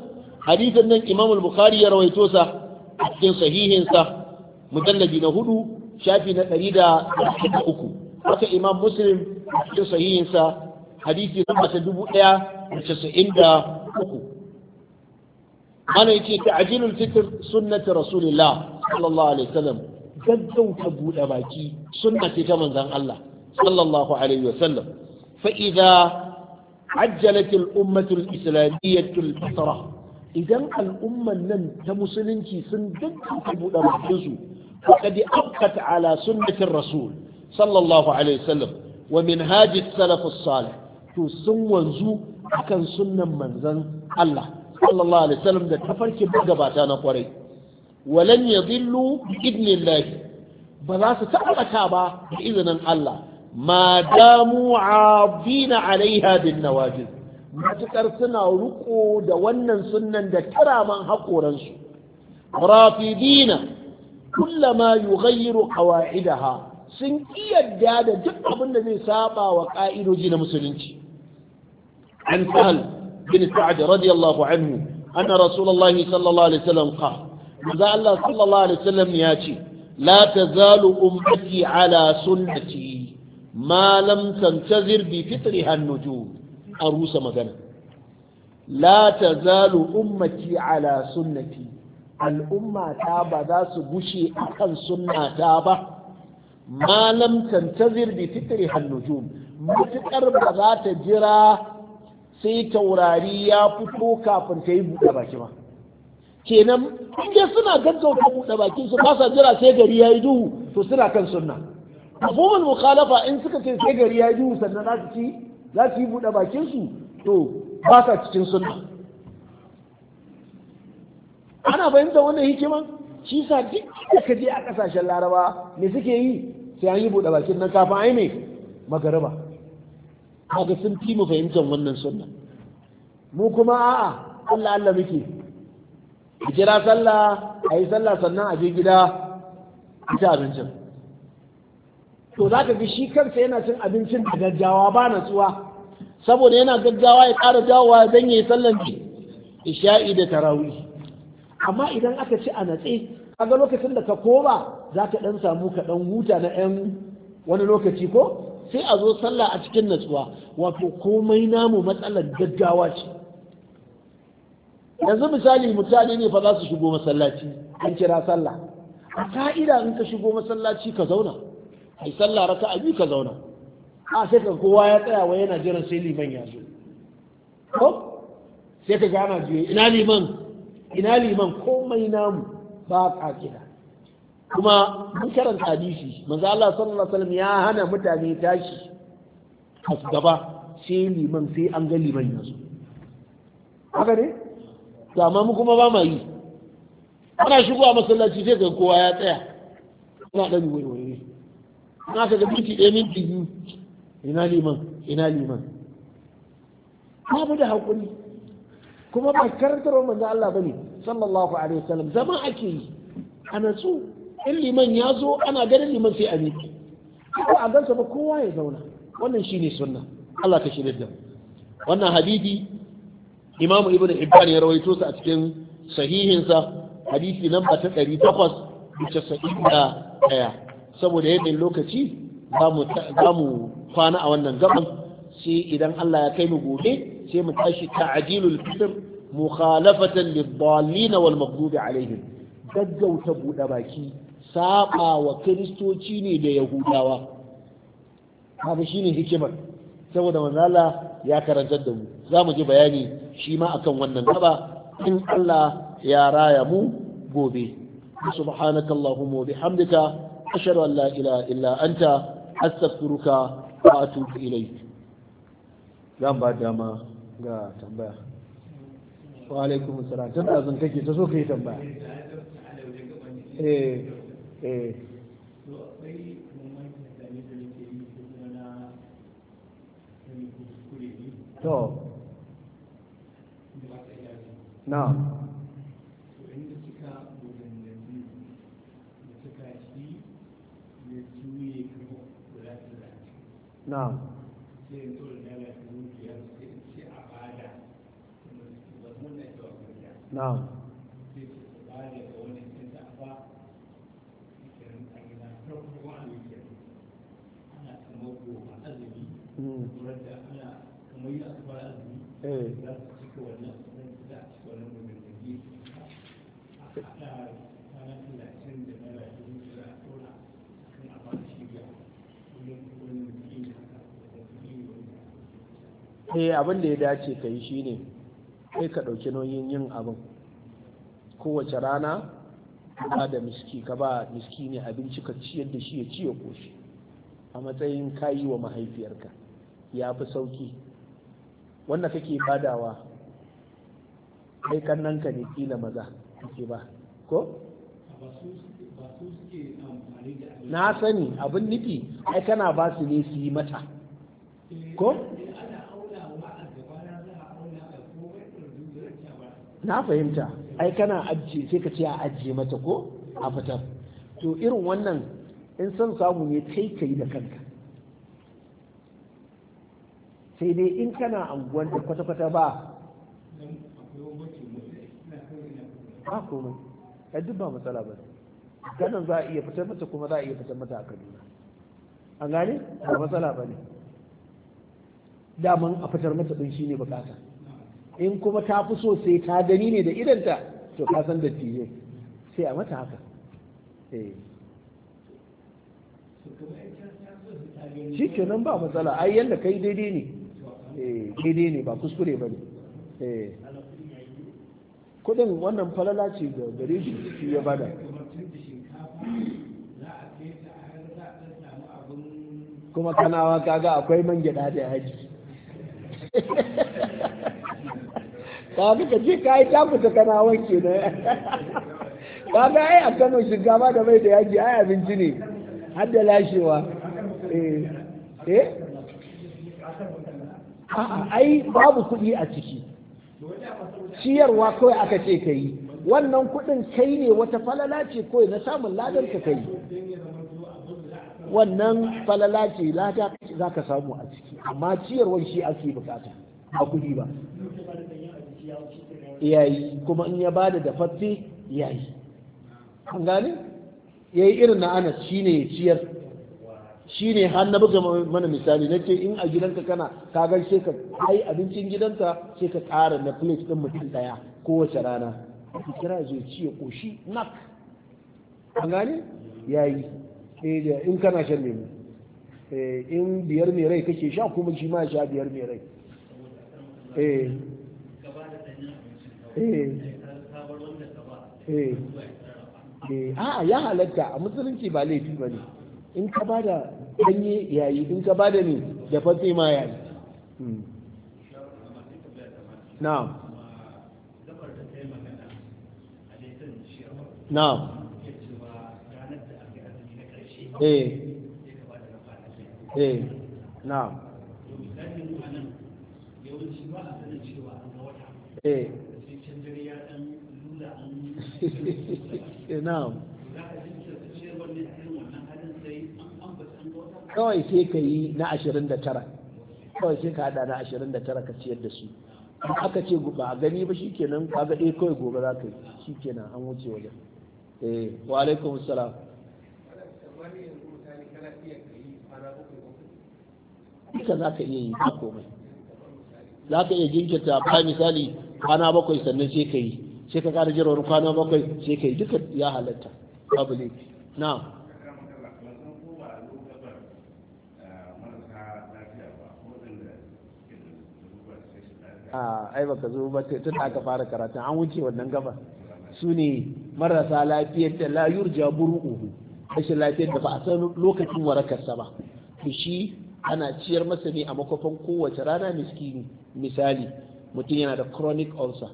hadisin nan imam al-bukhari ya rawaito sa a cikin sahihin sa mujallabi na hudu shafi na ɗari da uku haka imam muslim a cikin sahihin sa hadisi na mata dubu ɗaya da casa'in da uku ana yace ta'jilul fitr sunnati rasulillah sallallahu alaihi wasallam gaggauta buɗe baki sunna ta manzon Allah sallallahu alaihi wasallam fa idza ajjalatil ummatul islamiyyatul basra idan al'umman nan ta musulunci sun dinka buɗe bakin su faqad abqat ala sunnatir rasul sallallahu alaihi wasallam wa minhaj as-salaf as-salih to sun wanzu akan sunnan manzon Allah sallallahu alaihi wasallam da tafarkin gabata na kwarai walan yadillu bi idnillah ba za su tabbata ba da izinin Allah ma damu abina alaiha bin nawajid matukar suna ruko da wannan sunan da karaman haƙoransu rafidina kullama yughayyiru qawaidaha sun kiyarda da duk abin da zai saba wa ka'idoji na musulunci an sahal bin sa'ad radiyallahu anhu anna rasulullahi sallallahu alaihi wasallam qala manzo Allah sallallahu alaihi wasallam ya ce la tazalu ummati ala sunnati malam tantazir bi fitri hannuju a rusa magana la tazalu ummati ala sunnati al'umma ta ba za su gushe akan sunnata ba malam tantazir bi fitri hannuju matuƙar ba za ta jira sai taurari ya fito kafin ta yi buɗe baki ba kenan in suna gaggauta buɗe bakin su ba sa jira sai gari ya yi duhu to suna kan sunna mafhumul mukhalafa in suka ce sai gari ya yi sannan za su ci za su yi buɗe bakinsu, to ba sa cikin sunna ana fahimtar wannan hikiman shi sa duk da ka je a kasashen laraba ne suke yi sai an yi buɗe bakin nan kafin ai mai magaraba kaga sun fi mu fahimtar wannan sunna mu kuma a'a Allah Allah muke a kira sallah a yi sallah sannan a je gida a ci abincin to za ka ga shi kansa yana cin abincin da gaggawa ba natsuwa saboda yana gaggawa ya ƙara dawowa don ya yi sallan isha'i da tarawi amma idan aka ci a natse kaga lokacin da ka koma za ka ɗan samu ka ɗan huta na 'yan wani lokaci ko sai a zo sallah a cikin natsuwa wato komai namu matsalar gaggawa ce yanzu misali mutane ne fa za su shigo masallaci an kira sallah a ka'ida in ka shigo masallaci ka zauna ai sallah raka a biyu ka zauna a sai ka kowa ya tsaya wa yana jiran sai liman ya zo ko sai ka gana biyu ina liman ina liman komai namu ba ka'ida kuma mun karanta hadisi manzo Allah sallallahu alaihi wasallam ya hana mutane tashi a gaba sai liman sai an ga liman ya zo haka ne to amma mu kuma ba ma yi ana shigowa masallaci sai ka kowa ya tsaya ina dan wuri na ka ga biki ɗaya minti biyu ina liman ina liman babu da haƙuri kuma ba karantar manzo Allah bane sallallahu alaihi wasallam zama ake yi a natsu in liman ya zo ana ganin liman sai a bi. ko a gansa ba kowa ya zauna wannan shine sunna Allah ka shirya da wannan hadisi imamu ibnu ibban ya rawaito sa a cikin sahihinsa hadisi namba ta 891 saboda yanayin lokaci za mu kwana a wannan gaban sai idan Allah ya kai mu gobe sai mu tashi ta'jilul fitr mukhalafatan lid-dallin wal maghdubi alaihim gaggauta buɗe baki saba wa kiristoci ne da yahudawa haka shine hikimar saboda manzala ya karantar da mu za mu ji bayani shi ma akan wannan gaba in Allah ya raya mu gobe subhanakallahumma wa bihamdika ashhadu an la ilaha illa anta astaghfiruka wa atubu ilayk zan ba dama ga tambaya wa alaikum assalam tun azun kake ta so kai tambaya eh na'am na'am Mm. eh abin da ya dace ka yi shi ne, kai ka ɗauki nauyin yin abin kowace rana ba da miski ka ba miski ne abinci ka ciyar da shi ya ci ya koshi a matsayin kayi wa mahaifiyarka ya fi sauki wanda kake badawa kai ka ne kila maza kake ba ko na sani abin nufi ai kana ba su ne su yi mata ko na fahimta ai kana ajiye sai ka ce a ajiye mata ko a fitar to irin wannan in son samu ne kai ka yi da kanka sai dai in kana anguwan da kwata-kwata ba A komai ya duk ba matsala ba ganin za a iya fitar mata kuma za a iya fitar mata a kaduna an gane ba matsala ba ne daman a fitar mata ɗin shi ne bukata in kuma ta fi so sai ta gani ne da idanta to ka san dattijai sai a mata haka eh. shi nan ba matsala ai yadda kai daidai ne eh, daidai ne ba kuskure ba ne eh. kudin wannan falala ce ga gare shi shi ya bada kuma kanawa kaga akwai man gida da haji ba ka ce ka yi takuta kana wanke na ba ga ai a kano shugaba da mai da yaki, ai abinci ne har lashewa eh eh a'a ai babu kuɗi a ciki ciyarwa kawai aka ce ka yi wannan kuɗin kai ne wata falala ce kawai na samun ladan ka kai wannan falala ce lada za ka samu a ciki amma ciyarwar shi ake bukata a kuɗi ba yayi kuma in ya bada dafaffe yayi an gane yi irin na Anas ne ya ciyar shi har na buga mana misali na ce in a gidanka kana ka ga sai ka ai abincin gidanka sai ka tsara na plate din mutum daya kowace rana ka kira zai ci ya koshi nak an gane yayi eh, in kana shan ne eh, in biyar mai rai kake sha kuma shi ma sha biyar mai rai eh. Eh. Eh. Eh. a'a ya halatta a musulunci ba laifi ba ne in ka ba da ganye yayi in ka ba da ne da fatse ma yayi hmm. na'am na'am eh eh na'am eh na'am kawai sai ka yi na ashirin da tara kawai sai ka hada na ashirin da tara ka ciyar da su in aka ce ba a gani ba shikenan ka ga ɗaya eh kawai gobe za ka yi shikenan an wuce wajen eh wa alaikum salam duka za ka iya yi ba komai za ka iya jinkirta ba misali kwana bakwai sannan sai ka yi sai ka ƙara jira wani kwana bakwai sai ka yi duka ya halatta babu ne na a ai baka zo ba sai tun aka fara karatu an wuce wannan gaba su ne marasa lafiyar da la yurja buruhu rashin lafiyar da ba a san lokacin warakarsa ba to shi ana ciyar masa ne a makwafan kowace rana miskini misali mutum yana da chronic ulcer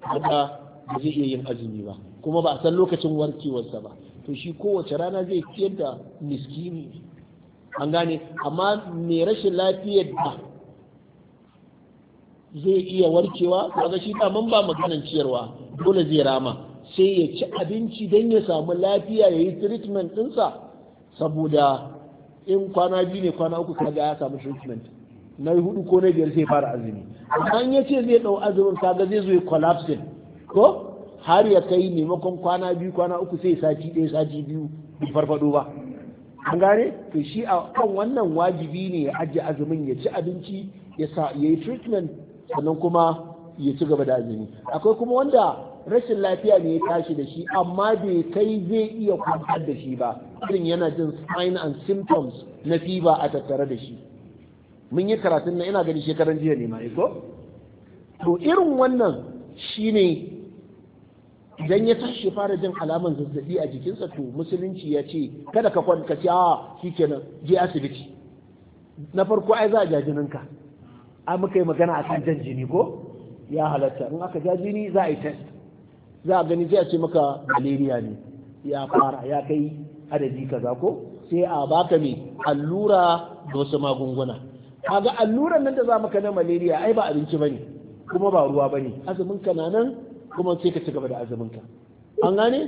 haka ba zai iya yin azumi ba kuma ba a san lokacin warkewarsa ba to shi kowace rana zai ciyar da miskini an gane amma mai rashin lafiyar da zai iya warkewa ga shi daman ba maganan ciyarwa dole zai rama sai ya ci abinci don ya samu lafiya ya yi treatment ɗinsa saboda in kwana biyu ne kwana uku kaga ya samu treatment na hudu ko na biyar sai fara azumi an ya ce zai ɗau azumin kaga zai zo ya collapsing ko har ya kai maimakon kwana biyu kwana uku sai sati ɗaya sati biyu bai farfado ba an gane to shi a kan wannan wajibi ne ya ajiye azumin ya ci abinci ya sa ya yi treatment sannan kuma ya ci gaba da azumi akwai kuma wanda rashin lafiya ne ya tashi da shi amma bai kai zai iya kwantar da shi ba irin yana jin sign and symptoms na fever a tattare da shi mun yi karatun na ina gani shekaran jiya ne ma eh ko to irin wannan shine idan ya tashi fara jin alamar zazzabi a jikinsa to musulunci ya ce kada ka kwanta ce a shikenan je asibiti na farko ai za a ja ka. a muka yi magana a kan jan jini ko ya halatta in aka ja jini za a yi test za a gani sai a ce maka malaria ne ya fara ya kai adadi kaza ko sai a baka mai allura da wasu magunguna kaga allurar nan da za maka na malaria ai ba abinci bane kuma ba ruwa bane azumin kananan kuma sai ka ci gaba da azumin ka an gane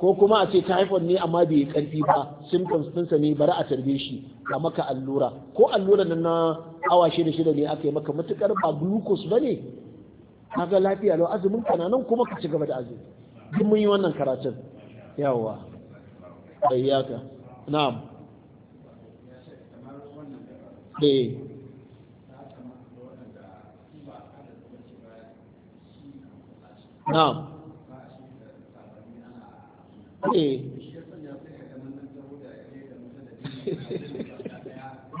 ko kuma a ce typhoid ne amma bai yi karfi ba symptoms sa ne bari a tarbe shi a maka allura ko allura nan na awa shida shida ne aka yi maka matukar ba glucose ba ne kaga lafiya lau azumin ka nan kuma ka ci gaba da azumi duk mun yi wannan karatun yawa ayyaka na'am eh na'am eh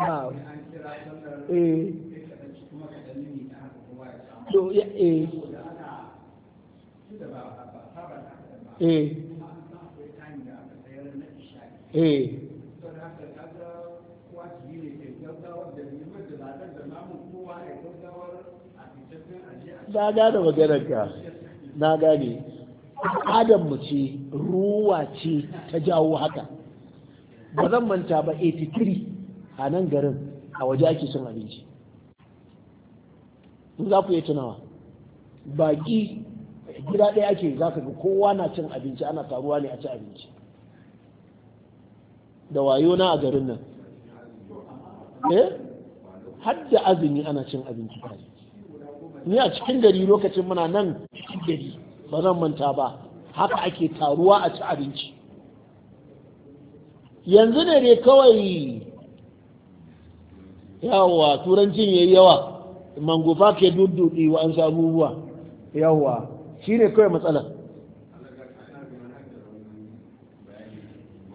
na'am eh. eh eh eh eh na gane adam mu ce ruwa ce ta jawo haka ba zan manta ba 83 a nan garin a waje ake cin abinci in za ku yi tunawa baki gida ɗaya ake za ka ga kowa na cin abinci ana taruwa ne a ci abinci da wayo na a garin nan eh har da azumi ana cin abinci ni a cikin gari lokacin muna nan gari ba zan manta ba haka ake taruwa a ci abinci yanzu ne dai kawai yawa turancin ya yi yawa mangufa ke dudduɗi wa an abubuwa yawa shi ne kawai matsalar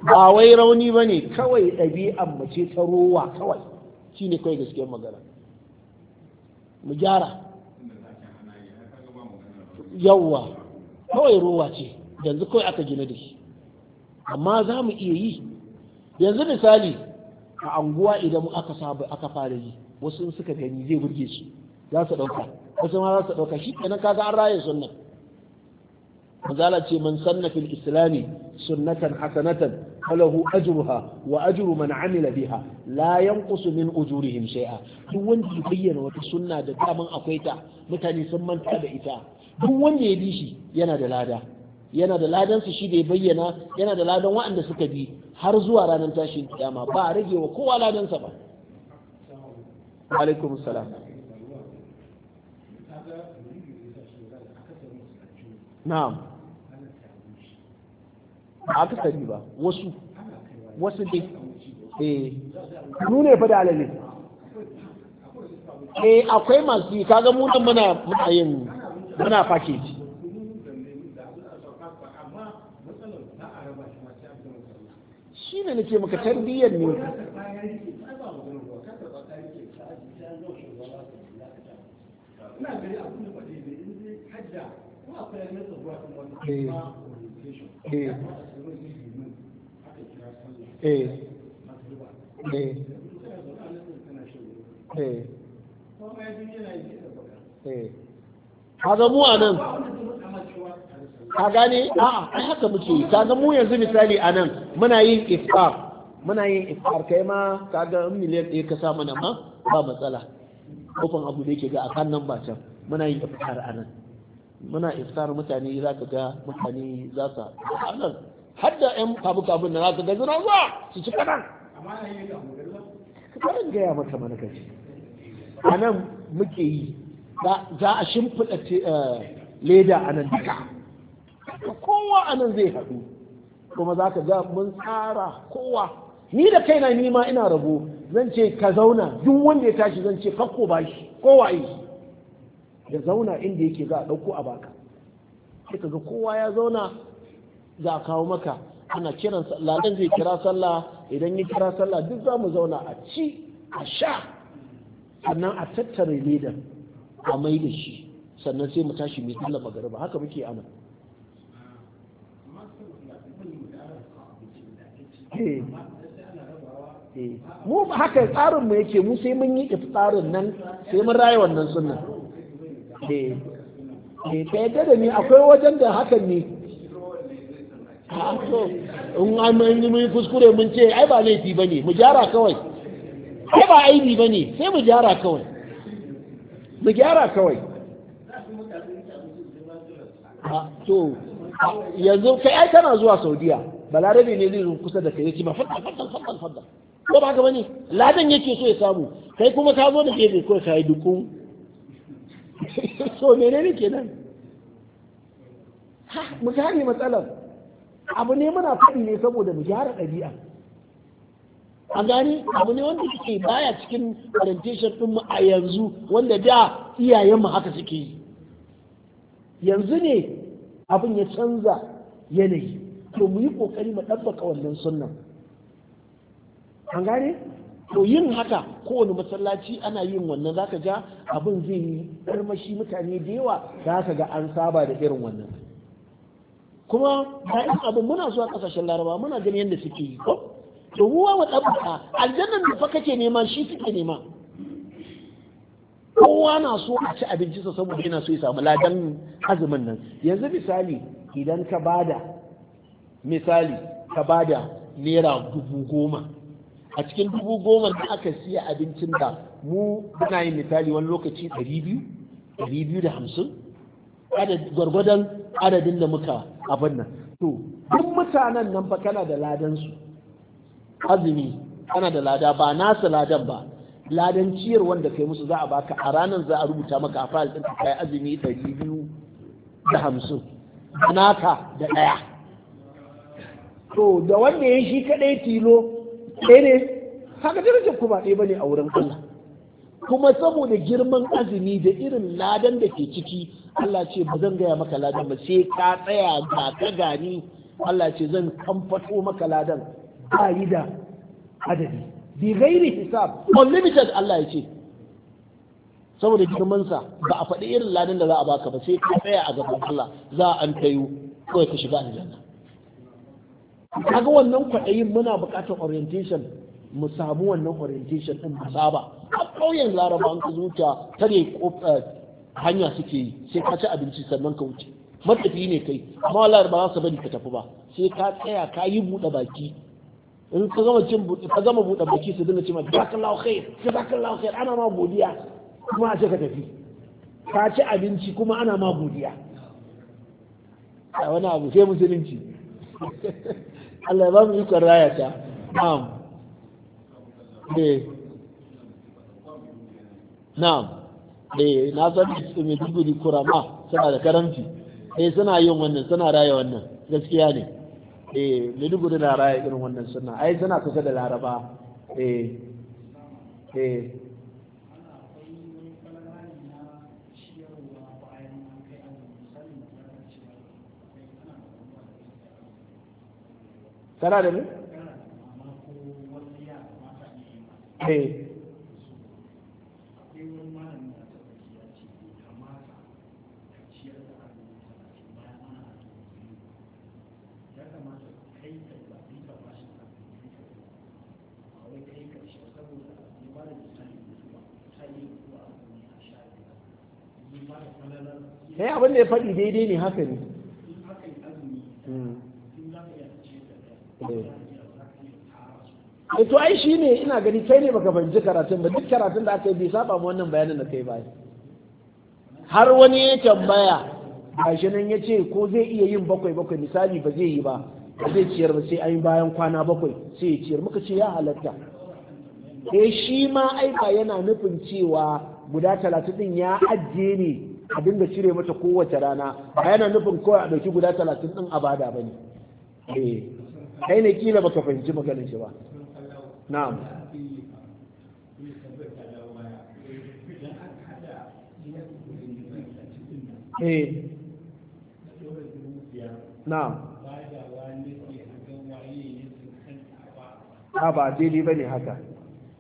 ba wai rauni ba ne kawai ɗabi'an mace ta rowa kawai shi ne kawai gaskiyar magana mu gyara yawwa kawai ruwa ce yanzu kawai aka gina da shi amma za mu iya yi yanzu misali a anguwa idan aka saba aka fara yi wasu suka gani zai burge su za su ɗauka wasu ma za su ɗauka shi kenan kaga an raye sunnan mazala ce man sannafin islami sunnatan hasanatan falahu ajruha wa ajru man amila biha la yanqusu min ujurihim shay'a duk wanda ya bayyana wata sunna da daman akwai ta mutane sun manta da ita duk wanda ya bi shi yana da lada yana da ladan su shi da ya bayyana yana da ladan waɗanda suka bi har zuwa ranar tashin kiyama ba a rage wa kowa ladan sa ba alaikum salam na'am ba sani ba wasu wasu dai eh nune fa da alale eh akwai masu kaga mu nan muna muna yin muna package shi ne nake maka tarbiyyar ne Eh. kaga mu a nan ka gane a'a ai haka muke kaga mu yanzu misali a nan muna yin iftar muna yin iftar kai ma kaga in miliyan ɗaya ka sa nan ma ba matsala kofin abu da yake ga akan nan ba can muna yin iftar a nan muna iftar mutane za ka ga mutane za su a nan har da yan kabu-kabun da za ka ga zira zuwa su ci kanan karan gaya mata mana kaci a nan muke yi za a shimfiɗa eh, leda a nan duka kowa a nan zai haɗu kuma za ka ga mun tsara kowa ni da kaina ni ma ina rabo zan ce ka zauna duk wanda ya tashi zan ce kakko ba shi kowa yi da zauna inda yake za a ɗauko a baka sai ka ga kowa ya zauna za a kawo maka ana kiran dan zai kira sallah idan ya kira sallah duk za mu zauna a ci a sha sannan a tattare ledan a mai da shi sannan sai mu tashi mai sallar magariba haka muke ana eh, eh. mu haka tsarin mu yake mu sai mun yi tsarin nan sai mun raya wannan sunna eh eh ta yadda da ni akwai wajen da hakan ne ah, in an yi mun kuskure mun ce ai ba laifi bane mu gyara kawai ai ba aibi bane sai mu gyara kawai su gyara kawai to yanzu kai ai kana zuwa saudiya balarabe ne zai kusa da kai yake ba fadda fadda fadda fadda ko ba ka bane ladan yake so ya samu kai kuma ka zo da gefe ko kai dukun so menene kenan ha mu gane matsalar abu ne muna faɗi ne saboda mu gyara ɗabi'a an gani abu ne wanda suke baya cikin orientation din mu a yanzu wanda da iyayenmu haka suke yi yanzu ne abin ya canza yanayi to mu yi kokari mu ɗabbaka wannan sunnan an gane to yin haka kowane masallaci ana yin wannan zaka ga abin zai yi karmashi mutane da yawa zaka ga an saba da irin wannan kuma da abin muna zuwa ƙasashen laraba muna ganin yadda suke yi ko to huwa wa ɗabbaka aljannan da fa ke nema shi suke nema kowa na so a ci abinci sa saboda yana so ya samu ladan azumin nan yanzu misali idan ka bada misali ka bada naira dubu goma a cikin dubu goma da aka siya abincin da mu muna yin misali wani lokaci ɗari biyu ɗari biyu da hamsin gwargwadon adadin da muka abin nan to duk mutanen nan ba kana da ladansu azumi kana da lada ba nasa ladan ba ladan ciyar wanda kai musu za a baka a ranar za a rubuta maka a fal ɗin kai azumi ɗari biyu da hamsin naka da ɗaya to da wanda ya shi kaɗai tilo ɗaya ne haka darajar kuma ɗaya bane a wurin Allah kuma saboda girman azumi da irin ladan da ke ciki Allah ce ba zan gaya maka ladan ba sai ka tsaya ga ka gani Allah ce zan kamfato maka ladan ƙa'ida yi da adadi bi gairi hisab unlimited Allah ya ce saboda girmansa ba a faɗi irin ladan da za a baka ba sai ka tsaya a gaban Allah za a an tayu kawai ka shiga aljanna kaga wannan kwaɗayin muna buƙatar orientation mu samu wannan orientation din mu saba a ƙauyen laraba an zuciya tare eh, hanya suke yi sai ka ci abinci sannan ka wuce matafi ne kai amma laraba za su bari ka tafi ba sai ka tsaya ka yi buɗe baki in ka gama cin buɗe, ka gama buɗe baki su dinga cewa jazakallahu khair jazakallahu khair ana ma godiya kuma a ce ka tafi ka ci abinci kuma ana ma godiya a wani abu sai musulunci Allah ya ba mu ikon raya ta na'am eh na'am eh na san mai di kurama suna da karamci eh suna yin wannan suna raya wannan gaskiya ne eh Maiduguri na raya irin wannan suna ai tana kusa da Laraba eh, eh. sai abin da ya faɗi daidai ne haka ne hmm. eh, to ai shi ne ina gani kai ne baka fahimci karatun ba duk karatun da aka yi bai saba mu wannan bayanin da kai bai har wani ya tambaya gashi nan ya ce ko zai iya yin bakwai bakwai misali ba zai yi ba ba zai ciyar ba sai an yi bayan kwana bakwai sai ya ciyar muka ce ya halatta eh shi ma aika yana nufin cewa guda talatin din ya ajiye ne a dinga cire mata kowace rana ba yana nufin kawai a ɗauki guda talatin ɗin a bada ba ne A eh, kai ne kila baka fahimci maganin shi ba na'am eh na'am a ah, ba daidai ba ne haka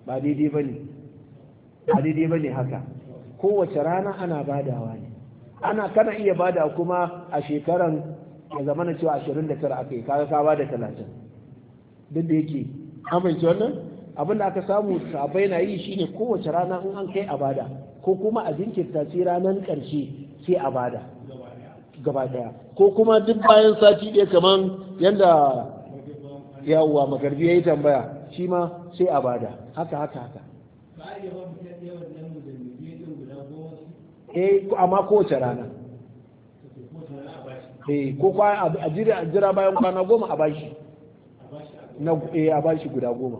ba ba ne ba daidai ba ne haka kowace rana ana badawa ne ana kana iya bada kuma a shekaran ya zama na cewa 29 aka yi kaga ka bada 30 duk da yake amince wannan abin da aka samu sabai na yi shine kowace rana in an kai abada bada ko kuma a jinkirta sai ranar karshe sai a gaba daya ko kuma duk bayan sati ɗaya kaman yanda yawwa magarbi ya yi tambaya shima sai abada bada haka haka haka Eh, amma kowace rana eh, ko a jira bayan kwana goma a bashi na eh, a bashi guda goma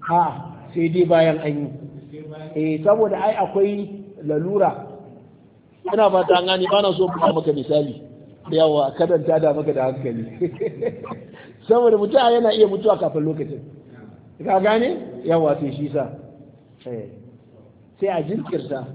ha sai dai bayan an yi eh saboda ai akwai lalura ina fata an gani, bana so ba maka misali yawa ta da maka da hankali saboda mutum yana iya mutuwa kafin lokacin ka gane yawa sai shi sa eh sai a jinkirta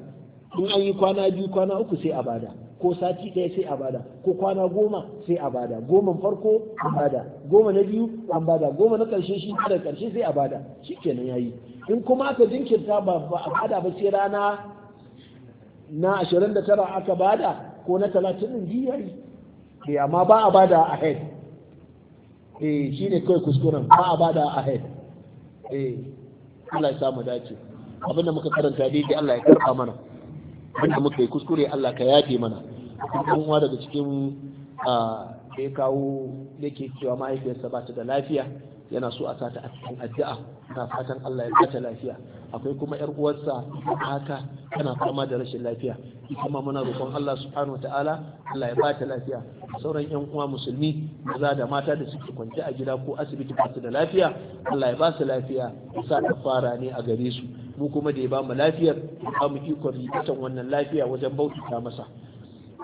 in an yi kwana biyu kwana uku sai a bada ko sati ɗaya sai a bada ko kwana goma sai a bada goma farko an bada goma na biyu an bada goma na ƙarshe shi da ƙarshe sai a bada shi kenan ya yi in kuma aka jinkirta ba a bada ba sai rana na ashirin da tara aka bada ko na talatin ɗin biyu ya yi eh, amma ba a bada a head eh, shi ne kawai kuskuren ba a bada a head eh, Allah ya samu dace abinda muka karanta daidai Allah ya karba mana abinda muka yi kuskure Allah ka yafe mana Kun kuma daga cikin a ke kawo yake cewa mahaifiyarsa ba ta da lafiya yana so a sata a cikin addu'a na fatan Allah ya bata lafiya akwai kuma yar uwarsa haka tana fama da rashin lafiya kuma muna roƙon Allah subhanahu wataala Allah ya bata lafiya sauran yan uwa musulmi maza da mata da suke kwance a gida ko asibiti ba su da lafiya Allah ya ba su lafiya sa fara ne a gare su mu kuma da ya ba mu lafiyar ba mu ikon ribatan wannan lafiya wajen baututa masa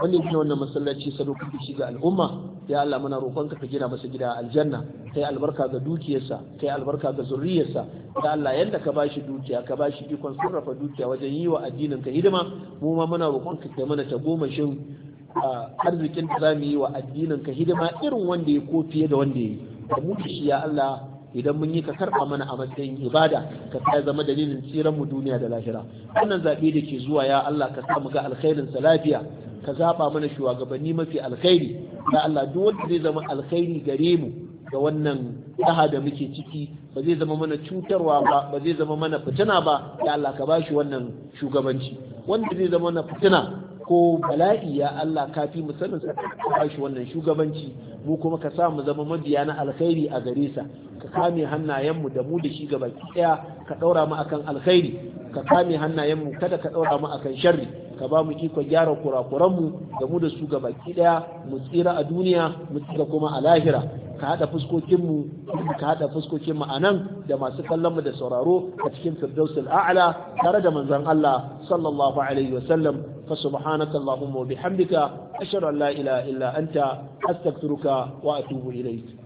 wanda yake wannan masallaci sadaukar da shi ga al'umma ya Allah muna roƙonka ka gina masa gida aljanna kai albarka ga dukiyarsa kai albarka ga zurriyarsa ya Allah yanda ka bashi dukiya ka bashi ikon sarrafa dukiya wajen yi wa addinin ka hidima mu ma muna roƙonka kai mana ta goma arzikin da zamu yi wa addinin ka hidima irin wanda ya ko fiye da wanda ya yi da mu shi ya Allah idan mun yi ka karɓa mana a matsayin ibada ka sa zama dalilin tsiran mu duniya da lahira wannan zaɓe da ke zuwa ya Allah ka sa mu ga alkhairin sa lafiya ka zaɓa mana shugabanni mafi alkhairi ya Allah duk wanda zai zama alkhairi gare mu ga wannan jaha da muke ciki ba zai zama mana cutarwa ba ba zai zama mana fitina ba ya Allah ka ba shi wannan shugabanci wanda zai zama mana fitina ko bala'i ya Allah ka fi musamman sa ba shi wannan shugabanci mu kuma ka sa mu zama mabiya na alkhairi a gare sa ka kame hannayenmu da mu da shi gaba daya ka daura mu akan alkhairi ka kame hannayenmu kada ka daura mu akan sharri ka ba mu iko gyara kurakuranmu da mu da su daya mu tsira a duniya mu tsira kuma a lahira ka hada fuskokinmu ka hada a nan da masu mu da sauraro a cikin firdausul a'la tare da manzon Allah sallallahu alaihi wasallam fa subhanaka allahumma wa bihamdika ashhadu an la ilaha illa anta astaghfiruka wa atubu ilayk